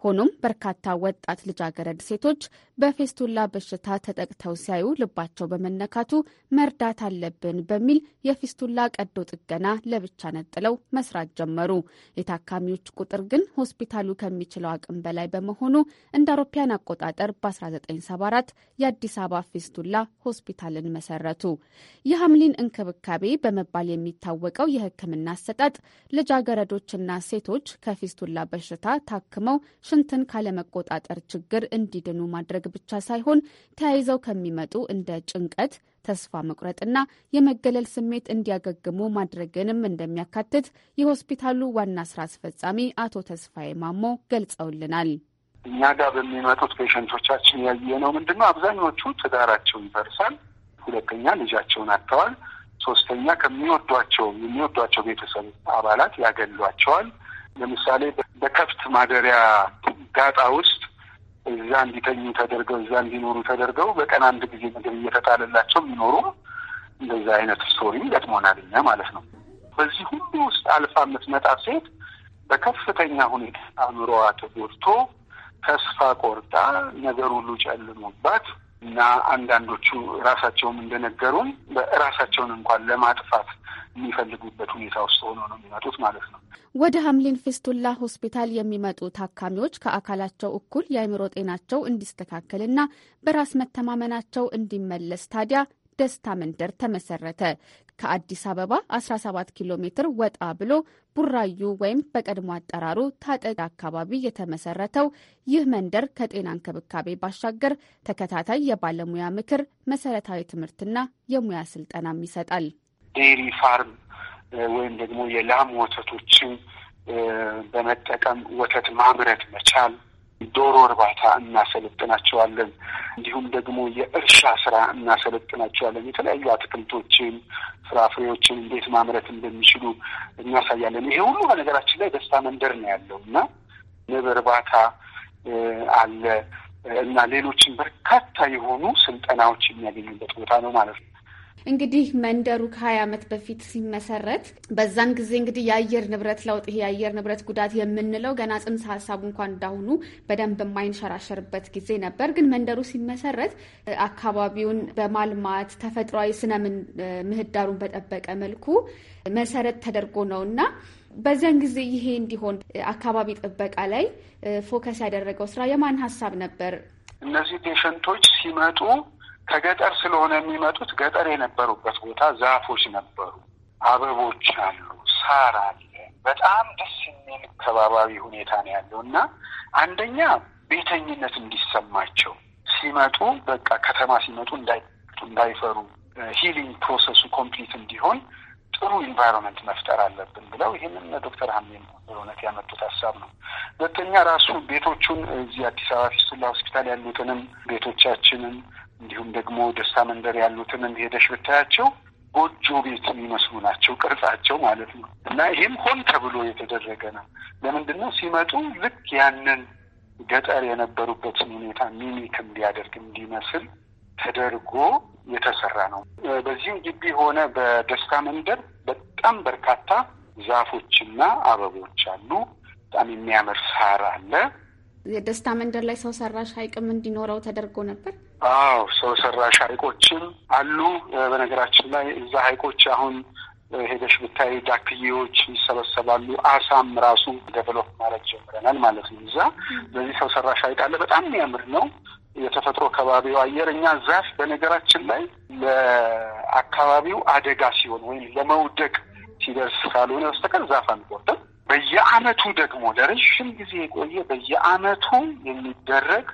ሆኖም በርካታ ወጣት ልጃገረድ ሴቶች በፌስቱላ በሽታ ተጠቅተው ሲያዩ ልባቸው በመነካቱ መርዳት አለብን በሚል የፊስቱላ ቀዶ ጥገና ለብቻ ነጥለው መስራት ጀመሩ። የታካሚዎች ቁጥር ግን ሆስፒታሉ ከሚችለው አቅም በላይ በመሆኑ እንደ አውሮፓያን አቆጣጠር በ1974 የአዲስ አበባ ፌስቱላ ሆስፒታልን መሰረቱ። የሐምሊን እንክብካቤ በመባል የሚታወቀው የሕክምና አሰጣጥ ልጃገረዶችና ሴቶች ከፊስቱላ በሽታ ታክመው ሽንትን ካለመቆጣጠር ችግር እንዲድኑ ማድረግ ብቻ ሳይሆን ተያይዘው ከሚመጡ እንደ ጭንቀት፣ ተስፋ መቁረጥና የመገለል ስሜት እንዲያገግሙ ማድረግንም እንደሚያካትት የሆስፒታሉ ዋና ስራ አስፈጻሚ አቶ ተስፋዬ ማሞ ገልጸውልናል። እኛ ጋር በሚመጡት ፔሸንቶቻችን ያየነው ምንድን ነው? አብዛኞቹ ትዳራቸው ይፈርሳል፣ ሁለተኛ ልጃቸውን አጥተዋል፣ ሶስተኛ ከሚወዷቸው የሚወዷቸው ቤተሰብ አባላት ያገሏቸዋል። ለምሳሌ በከብት ማደሪያ ጋጣ ውስጥ እዛ እንዲተኙ ተደርገው እዛ እንዲኖሩ ተደርገው በቀን አንድ ጊዜ ምግብ እየተጣለላቸው የሚኖሩ እንደዛ አይነት ስቶሪ ገጥሞናል እኛ ማለት ነው። በዚህ ሁሉ ውስጥ አልፋ የምትመጣ ሴት በከፍተኛ ሁኔታ አእምሮዋ ተጎድቶ ተስፋ ቆርጣ ነገር ሁሉ ጨልሞባት እና አንዳንዶቹ ራሳቸውም እንደነገሩን ራሳቸውን እንኳን ለማጥፋት የሚፈልጉበት ሁኔታ ውስጥ ሆኖ ነው የሚመጡት ማለት ነው። ወደ ሀምሊን ፌስቱላ ሆስፒታል የሚመጡ ታካሚዎች ከአካላቸው እኩል የአእምሮ ጤናቸው እንዲስተካከልና በራስ መተማመናቸው እንዲመለስ ታዲያ ደስታ መንደር ተመሰረተ። ከአዲስ አበባ 17 ኪሎ ሜትር ወጣ ብሎ ቡራዩ ወይም በቀድሞ አጠራሩ ታጠቅ አካባቢ የተመሰረተው ይህ መንደር ከጤና እንክብካቤ ባሻገር ተከታታይ የባለሙያ ምክር፣ መሰረታዊ ትምህርትና የሙያ ስልጠናም ይሰጣል። ዴሪ ፋርም ወይም ደግሞ የላም ወተቶችን በመጠቀም ወተት ማምረት መቻል፣ ዶሮ እርባታ እናሰለጥናቸዋለን። እንዲሁም ደግሞ የእርሻ ስራ እናሰለጥናቸዋለን። የተለያዩ አትክልቶችን፣ ፍራፍሬዎችን እንዴት ማምረት እንደሚችሉ እናሳያለን። ይሄ ሁሉ በነገራችን ላይ ደስታ መንደር ነው ያለው እና ንብ እርባታ አለ እና ሌሎችን በርካታ የሆኑ ስልጠናዎች የሚያገኙበት ቦታ ነው ማለት ነው። እንግዲህ መንደሩ ከሀያ ዓመት በፊት ሲመሰረት በዛን ጊዜ እንግዲህ የአየር ንብረት ለውጥ ይሄ የአየር ንብረት ጉዳት የምንለው ገና ጽንሰ ሀሳቡ እንኳን እንዳሁኑ በደንብ የማይንሸራሸርበት ጊዜ ነበር። ግን መንደሩ ሲመሰረት አካባቢውን በማልማት ተፈጥሯዊ ስነ ምህዳሩን በጠበቀ መልኩ መሰረት ተደርጎ ነው እና በዚያን ጊዜ ይሄ እንዲሆን አካባቢ ጥበቃ ላይ ፎከስ ያደረገው ስራ የማን ሀሳብ ነበር? እነዚህ ፔሸንቶች ሲመጡ ከገጠር ስለሆነ የሚመጡት ገጠር የነበሩበት ቦታ ዛፎች ነበሩ፣ አበቦች አሉ፣ ሳር አለ። በጣም ደስ የሚል ከባባዊ ሁኔታ ነው ያለው እና አንደኛ ቤተኝነት እንዲሰማቸው ሲመጡ በቃ ከተማ ሲመጡ እንዳይፈሩ ሂሊንግ ፕሮሰሱ ኮምፕሊት እንዲሆን ጥሩ ኢንቫይሮንመንት መፍጠር አለብን ብለው ይህንን ዶክተር ሀሜን በእውነት ያመጡት ሀሳብ ነው። ሁለተኛ ራሱ ቤቶቹን እዚህ አዲስ አበባ ፊስቱላ ሆስፒታል ያሉትንም ቤቶቻችንን እንዲሁም ደግሞ ደስታ መንደር ያሉትን ሄደሽ ብታያቸው ጎጆ ቤት የሚመስሉ ናቸው ቅርጻቸው ማለት ነው። እና ይሄም ሆን ተብሎ የተደረገ ነው። ለምንድን ነው ሲመጡ ልክ ያንን ገጠር የነበሩበትን ሁኔታ ሚሚክ እንዲያደርግ እንዲመስል ተደርጎ የተሰራ ነው። በዚህ ግቢ ሆነ በደስታ መንደር በጣም በርካታ ዛፎችና አበቦች አሉ። በጣም የሚያምር ሳር አለ። የደስታ መንደር ላይ ሰው ሰራሽ ሐይቅም እንዲኖረው ተደርጎ ነበር። አዎ ሰው ሰራሽ ሀይቆችም አሉ። በነገራችን ላይ እዛ ሀይቆች አሁን ሄደሽ ብታይ ዳክዬዎች ይሰበሰባሉ። አሳም ራሱ ደቨሎፕ ማለት ጀምረናል ማለት ነው። እዛ በዚህ ሰው ሰራሽ ሀይቅ አለ። በጣም የሚያምር ነው የተፈጥሮ ከባቢው አየር። እኛ ዛፍ በነገራችን ላይ ለአካባቢው አደጋ ሲሆን ወይም ለመውደቅ ሲደርስ ካልሆነ በስተቀር ዛፍ አንቆርጥም። በየአመቱ ደግሞ ለረዥም ጊዜ የቆየ በየአመቱ የሚደረግ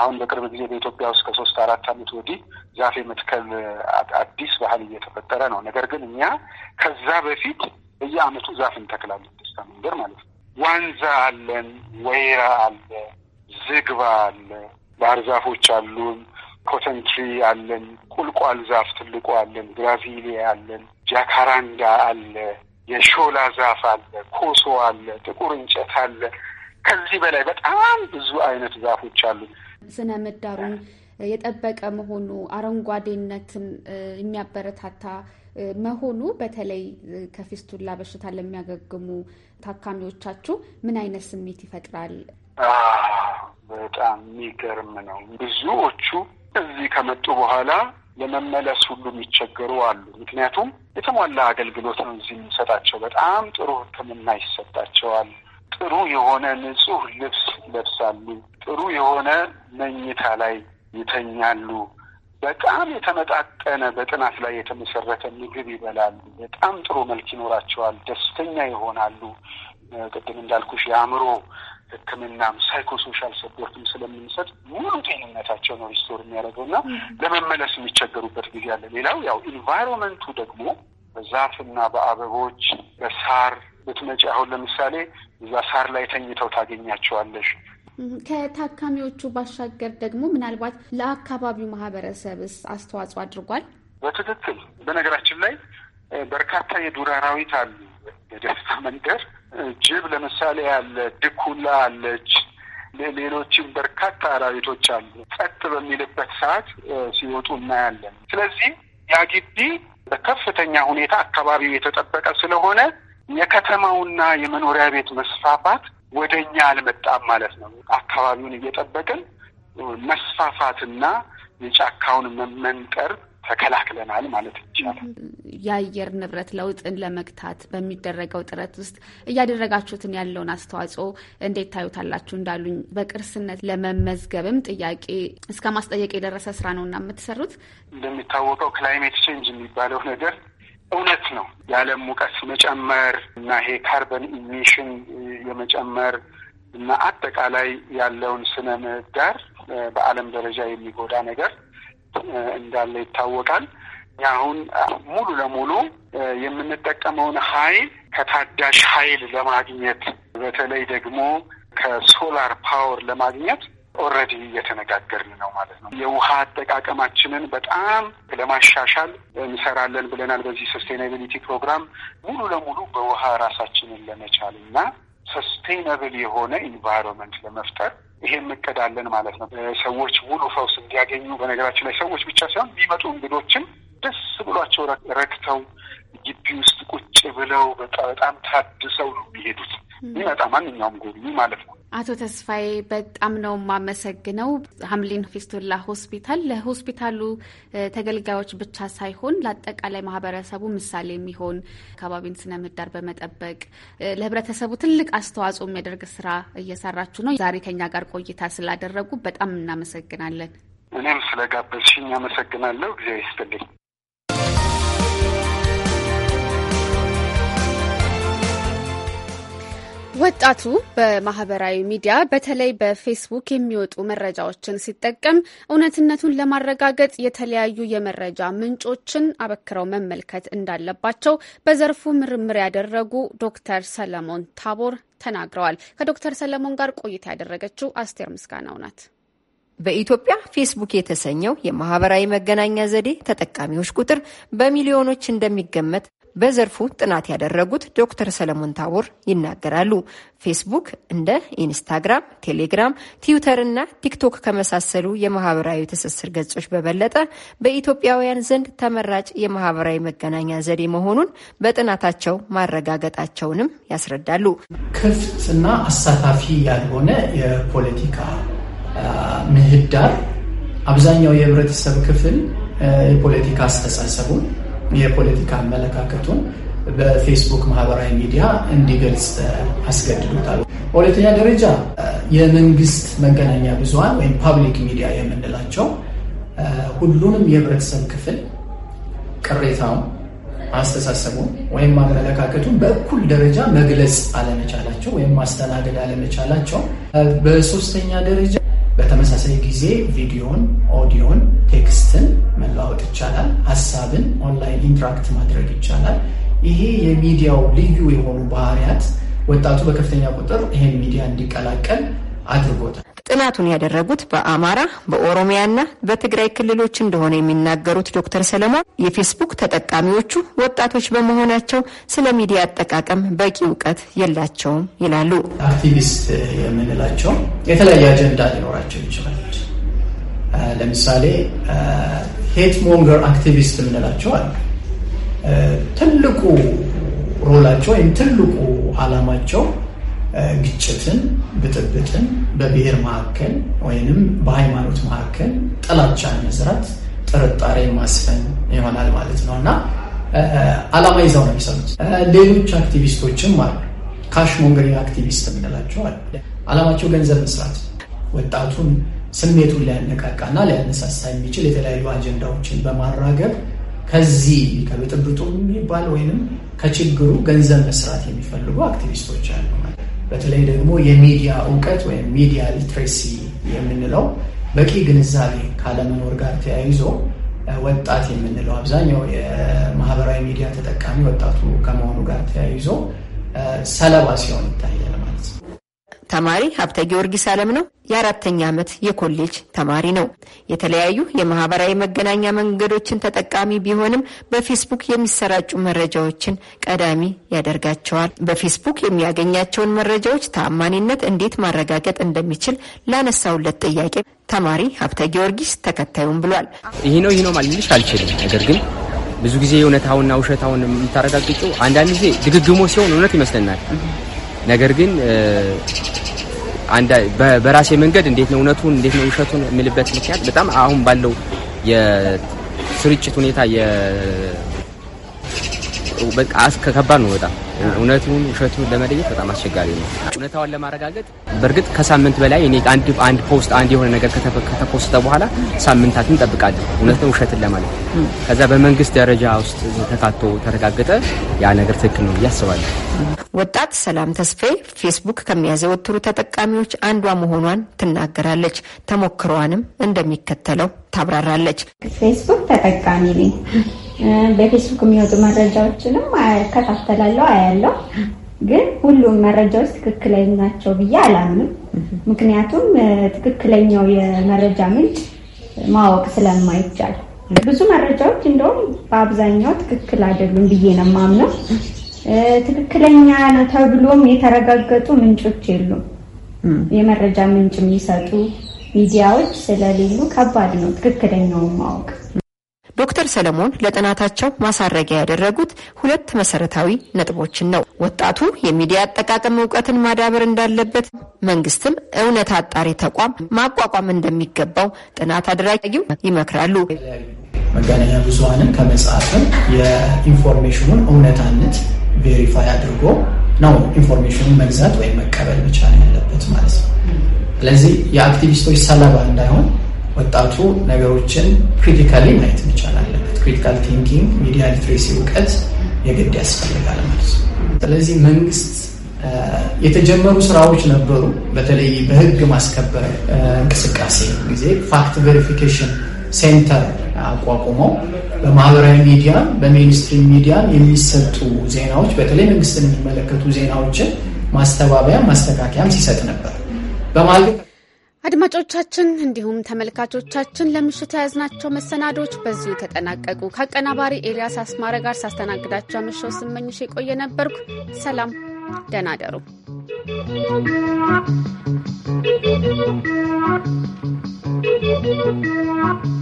አሁን በቅርብ ጊዜ በኢትዮጵያ ውስጥ ከሶስት አራት ዓመት ወዲህ ዛፍ የመትከል አዲስ ባህል እየተፈጠረ ነው። ነገር ግን እኛ ከዛ በፊት በየአመቱ ዛፍ እንተክላለን፣ ደስታ መንገድ ማለት ነው። ዋንዛ አለን፣ ወይራ አለ፣ ዝግባ አለ፣ ባህር ዛፎች አሉን፣ ኮተንትሪ አለን፣ ቁልቋል ዛፍ ትልቁ አለን፣ ግራቪሊያ አለን፣ ጃካራንዳ አለ፣ የሾላ ዛፍ አለ፣ ኮሶ አለ፣ ጥቁር እንጨት አለ። ከዚህ በላይ በጣም ብዙ አይነት ዛፎች አሉን። ስነ ምህዳሩን የጠበቀ መሆኑ አረንጓዴነትን የሚያበረታታ መሆኑ በተለይ ከፊስቱላ በሽታ ለሚያገግሙ ታካሚዎቻችሁ ምን አይነት ስሜት ይፈጥራል? በጣም የሚገርም ነው። ብዙዎቹ እዚህ ከመጡ በኋላ ለመመለስ ሁሉ የሚቸገሩ አሉ። ምክንያቱም የተሟላ አገልግሎት ነው እዚህ የሚሰጣቸው። በጣም ጥሩ ሕክምና ይሰጣቸዋል። ጥሩ የሆነ ንጹህ ልብስ ይለብሳሉ። ጥሩ የሆነ መኝታ ላይ ይተኛሉ። በጣም የተመጣጠነ በጥናት ላይ የተመሰረተ ምግብ ይበላሉ። በጣም ጥሩ መልክ ይኖራቸዋል። ደስተኛ ይሆናሉ። ቅድም እንዳልኩሽ የአእምሮ ሕክምናም ሳይኮሶሻል ሰፖርትም ስለምንሰጥ ሙሉ ጤንነታቸው ነው ሪስቶር የሚያደርገው እና ለመመለስ የሚቸገሩበት ጊዜ አለ። ሌላው ያው ኢንቫይሮንመንቱ ደግሞ በዛፍና በአበቦች በሳር ብትመጪ አሁን ለምሳሌ እዛ ሳር ላይ ተኝተው ታገኛቸዋለሽ። ከታካሚዎቹ ባሻገር ደግሞ ምናልባት ለአካባቢው ማህበረሰብስ አስተዋጽኦ አድርጓል? በትክክል በነገራችን ላይ በርካታ የዱር አራዊት አሉ። በደስታ መንደር ጅብ ለምሳሌ አለ፣ ድኩላ አለች፣ ሌሎችም በርካታ አራዊቶች አሉ። ጸጥ በሚልበት ሰዓት ሲወጡ እናያለን። ስለዚህ ያ ግቢ በከፍተኛ ሁኔታ አካባቢው የተጠበቀ ስለሆነ የከተማውና የመኖሪያ ቤት መስፋፋት ወደ እኛ አልመጣም ማለት ነው። አካባቢውን እየጠበቅን መስፋፋትና የጫካውን መመንጠር ተከላክለናል ማለት ይቻላል። የአየር ንብረት ለውጥን ለመግታት በሚደረገው ጥረት ውስጥ እያደረጋችሁትን ያለውን አስተዋጽኦ እንዴት ታዩታላችሁ? እንዳሉኝ በቅርስነት ለመመዝገብም ጥያቄ እስከ ማስጠየቅ የደረሰ ስራ ነው እና የምትሰሩት። እንደሚታወቀው ክላይሜት ቼንጅ የሚባለው ነገር እውነት ነው። የዓለም ሙቀት መጨመር እና ይሄ ካርበን ኢሚሽን የመጨመር እና አጠቃላይ ያለውን ስነ ምህዳር በዓለም ደረጃ የሚጎዳ ነገር እንዳለ ይታወቃል። አሁን ሙሉ ለሙሉ የምንጠቀመውን ኃይል ከታዳሽ ኃይል ለማግኘት በተለይ ደግሞ ከሶላር ፓወር ለማግኘት ኦልሬዲ እየተነጋገርን ነው ማለት ነው። የውሃ አጠቃቀማችንን በጣም ለማሻሻል እንሰራለን ብለናል። በዚህ ሰስቴናቢሊቲ ፕሮግራም ሙሉ ለሙሉ በውሃ ራሳችንን ለመቻል እና ሰስቴናብል የሆነ ኢንቫይሮንመንት ለመፍጠር ይሄን እንቀዳለን ማለት ነው። ሰዎች ሙሉ ፈውስ እንዲያገኙ በነገራችን ላይ ሰዎች ብቻ ሳይሆን የሚመጡ እንግዶችም ደስ ብሏቸው ረክተው ግቢ ውስጥ ቁጭ ብለው በጣም ታድሰው ነው የሚሄዱት። የሚመጣ ማንኛውም ጎብኚ ማለት ነው። አቶ ተስፋዬ በጣም ነው የማመሰግነው። ሀምሊን ፊስቱላ ሆስፒታል ለሆስፒታሉ ተገልጋዮች ብቻ ሳይሆን ለአጠቃላይ ማህበረሰቡ ምሳሌ የሚሆን አካባቢን ስነ ምህዳር በመጠበቅ ለህብረተሰቡ ትልቅ አስተዋጽኦ የሚያደርግ ስራ እየሰራችሁ ነው። ዛሬ ከኛ ጋር ቆይታ ስላደረጉ በጣም እናመሰግናለን። እኔም ስለጋበዝሽኝ አመሰግናለሁ። ጊዜ ይስጥልኝ። ወጣቱ በማህበራዊ ሚዲያ በተለይ በፌስቡክ የሚወጡ መረጃዎችን ሲጠቀም እውነትነቱን ለማረጋገጥ የተለያዩ የመረጃ ምንጮችን አበክረው መመልከት እንዳለባቸው በዘርፉ ምርምር ያደረጉ ዶክተር ሰለሞን ታቦር ተናግረዋል። ከዶክተር ሰለሞን ጋር ቆይታ ያደረገችው አስቴር ምስጋናው ናት። በኢትዮጵያ ፌስቡክ የተሰኘው የማህበራዊ መገናኛ ዘዴ ተጠቃሚዎች ቁጥር በሚሊዮኖች እንደሚገመት በዘርፉ ጥናት ያደረጉት ዶክተር ሰለሞን ታቦር ይናገራሉ። ፌስቡክ እንደ ኢንስታግራም፣ ቴሌግራም፣ ትዊተር እና ቲክቶክ ከመሳሰሉ የማህበራዊ ትስስር ገጾች በበለጠ በኢትዮጵያውያን ዘንድ ተመራጭ የማህበራዊ መገናኛ ዘዴ መሆኑን በጥናታቸው ማረጋገጣቸውንም ያስረዳሉ። ክፍትና አሳታፊ ያልሆነ የፖለቲካ ምህዳር አብዛኛው የህብረተሰብ ክፍል የፖለቲካ አስተሳሰቡን የፖለቲካ አመለካከቱን በፌስቡክ ማህበራዊ ሚዲያ እንዲገልጽ አስገድዶታል። በሁለተኛ ደረጃ የመንግስት መገናኛ ብዙሀን ወይም ፓብሊክ ሚዲያ የምንላቸው ሁሉንም የህብረተሰብ ክፍል ቅሬታውን፣ አስተሳሰቡን ወይም አመለካከቱን በእኩል ደረጃ መግለጽ አለመቻላቸው ወይም ማስተናገድ አለመቻላቸው፣ በሶስተኛ ደረጃ በተመሳሳይ ጊዜ ቪዲዮን፣ ኦዲዮን፣ ቴክስትን መለዋወጥ ይቻላል። ሀሳብን ኦንላይን ኢንተራክት ማድረግ ይቻላል። ይሄ የሚዲያው ልዩ የሆኑ ባህሪያት ወጣቱ በከፍተኛ ቁጥር ይሄን ሚዲያ እንዲቀላቀል አድርጎታል። ጥናቱን ያደረጉት በአማራ በኦሮሚያና በትግራይ ክልሎች እንደሆነ የሚናገሩት ዶክተር ሰለሞን የፌስቡክ ተጠቃሚዎቹ ወጣቶች በመሆናቸው ስለ ሚዲያ አጠቃቀም በቂ እውቀት የላቸውም ይላሉ። አክቲቪስት የምንላቸው የተለያየ አጀንዳ ሊኖራቸው ይችላል። ለምሳሌ ሄት ሞንገር አክቲቪስት የምንላቸው አሉ። ትልቁ ሮላቸው ወይም ትልቁ አላማቸው ግጭትን፣ ብጥብጥን በብሔር መካከል ወይንም በሃይማኖት መካከል ጥላቻን መስራት፣ ጥርጣሬ ማስፈን ይሆናል ማለት ነው እና አላማ ይዘው ነው የሚሰሩት። ሌሎች አክቲቪስቶችም አሉ። ካሽ ሞንገሪንግ አክቲቪስት የምንላቸው አሉ። አላማቸው ገንዘብ መስራት፣ ወጣቱን ስሜቱን ሊያነቃቃና ሊያነሳሳ የሚችል የተለያዩ አጀንዳዎችን በማራገብ ከዚህ ከብጥብጡ የሚባል ወይንም ከችግሩ ገንዘብ መስራት የሚፈልጉ አክቲቪስቶች አሉ ማለት በተለይ ደግሞ የሚዲያ እውቀት ወይም ሚዲያ ሊትሬሲ የምንለው በቂ ግንዛቤ ካለመኖር ጋር ተያይዞ ወጣት የምንለው አብዛኛው የማህበራዊ ሚዲያ ተጠቃሚ ወጣቱ ከመሆኑ ጋር ተያይዞ ሰለባ ሲሆን ይታያል። ተማሪ ሀብተ ጊዮርጊስ አለም ነው የአራተኛ ዓመት የኮሌጅ ተማሪ ነው። የተለያዩ የማህበራዊ መገናኛ መንገዶችን ተጠቃሚ ቢሆንም በፌስቡክ የሚሰራጩ መረጃዎችን ቀዳሚ ያደርጋቸዋል። በፌስቡክ የሚያገኛቸውን መረጃዎች ተአማኒነት እንዴት ማረጋገጥ እንደሚችል ላነሳውለት ጥያቄ ተማሪ ሀብተ ጊዮርጊስ ተከታዩም ብሏል። ይህ ነው ይህ ነው ማልልሽ አልችልም። ነገር ግን ብዙ ጊዜ እውነታውንና ውሸታውን የምታረጋግጡ አንዳንድ ጊዜ ድግግሞ ሲሆን እውነት ይመስለናል ነገር ግን በራሴ መንገድ እንዴት ነው እውነቱን እንዴት ነው ውሸቱን የምልበት ምክንያት በጣም አሁን ባለው የስርጭት ሁኔታ በቃ ከባድ ነው በጣም እውነቱን ውሸቱን ለመለየት በጣም አስቸጋሪ ነው። እውነታውን ለማረጋገጥ በእርግጥ ከሳምንት በላይ እኔ አንድ አንድ ፖስት አንድ የሆነ ነገር ከተፖስተ በኋላ ሳምንታትን እንጠብቃለን እውነትን ውሸትን ለማለት ከዛ በመንግስት ደረጃ ውስጥ ተካቶ ተረጋገጠ ያ ነገር ትክክል ነው ብዬ አስባለሁ። ወጣት ሰላም ተስፋዬ ፌስቡክ ከሚያዘወትሩ ተጠቃሚዎች አንዷ መሆኗን ትናገራለች። ተሞክሯንም እንደሚከተለው ታብራራለች። ፌስቡክ ተጠቃሚ ነኝ በፌስቡክ የሚወጡ መረጃዎችንም እከታተላለሁ፣ አያለሁ። ግን ሁሉም መረጃዎች ትክክለኛ ናቸው ብዬ አላምንም። ምክንያቱም ትክክለኛው የመረጃ ምንጭ ማወቅ ስለማይቻል ብዙ መረጃዎች እንደውም በአብዛኛው ትክክል አይደሉም ብዬ ነው የማምነው። ትክክለኛ ነው ተብሎም የተረጋገጡ ምንጮች የሉም። የመረጃ ምንጭ የሚሰጡ ሚዲያዎች ስለሌሉ ከባድ ነው ትክክለኛውን ማወቅ። ዶክተር ሰለሞን ለጥናታቸው ማሳረጊያ ያደረጉት ሁለት መሰረታዊ ነጥቦችን ነው። ወጣቱ የሚዲያ አጠቃቀም እውቀትን ማዳበር እንዳለበት፣ መንግስትም እውነት አጣሪ ተቋም ማቋቋም እንደሚገባው ጥናት አድራጊው ይመክራሉ። መገናኛ ብዙኃንን ከመጽሐፍም የኢንፎርሜሽኑን እውነታነት ቬሪፋይ አድርጎ ነው ኢንፎርሜሽኑን መግዛት ወይም መቀበል ብቻ ነው ያለበት ማለት ነው። ስለዚህ የአክቲቪስቶች ሰለባ እንዳይሆን ወጣቱ ነገሮችን ክሪቲካሊ ማየት መቻል አለበት። ክሪቲካል ቲንኪንግ፣ ሚዲያ ሊትሬሲ እውቀት የግድ ያስፈልጋል ማለት ነው። ስለዚህ መንግስት የተጀመሩ ስራዎች ነበሩ። በተለይ በህግ ማስከበር እንቅስቃሴ ጊዜ ፋክት ቬሪፊኬሽን ሴንተር አቋቁመው በማህበራዊ ሚዲያ በሜንስትሪም ሚዲያ የሚሰጡ ዜናዎች በተለይ መንግስትን የሚመለከቱ ዜናዎችን ማስተባበያ ማስተካከያም ሲሰጥ ነበር በማለት አድማጮቻችን እንዲሁም ተመልካቾቻችን ለምሽት የያዝናቸው መሰናዶች በዚሁ ተጠናቀቁ። ከአቀናባሪ ኤልያስ አስማረ ጋር ሳስተናግዳቸው አመሻው ስመኝሽ የቆየ ነበርኩ። ሰላም፣ ደህና ደሩ።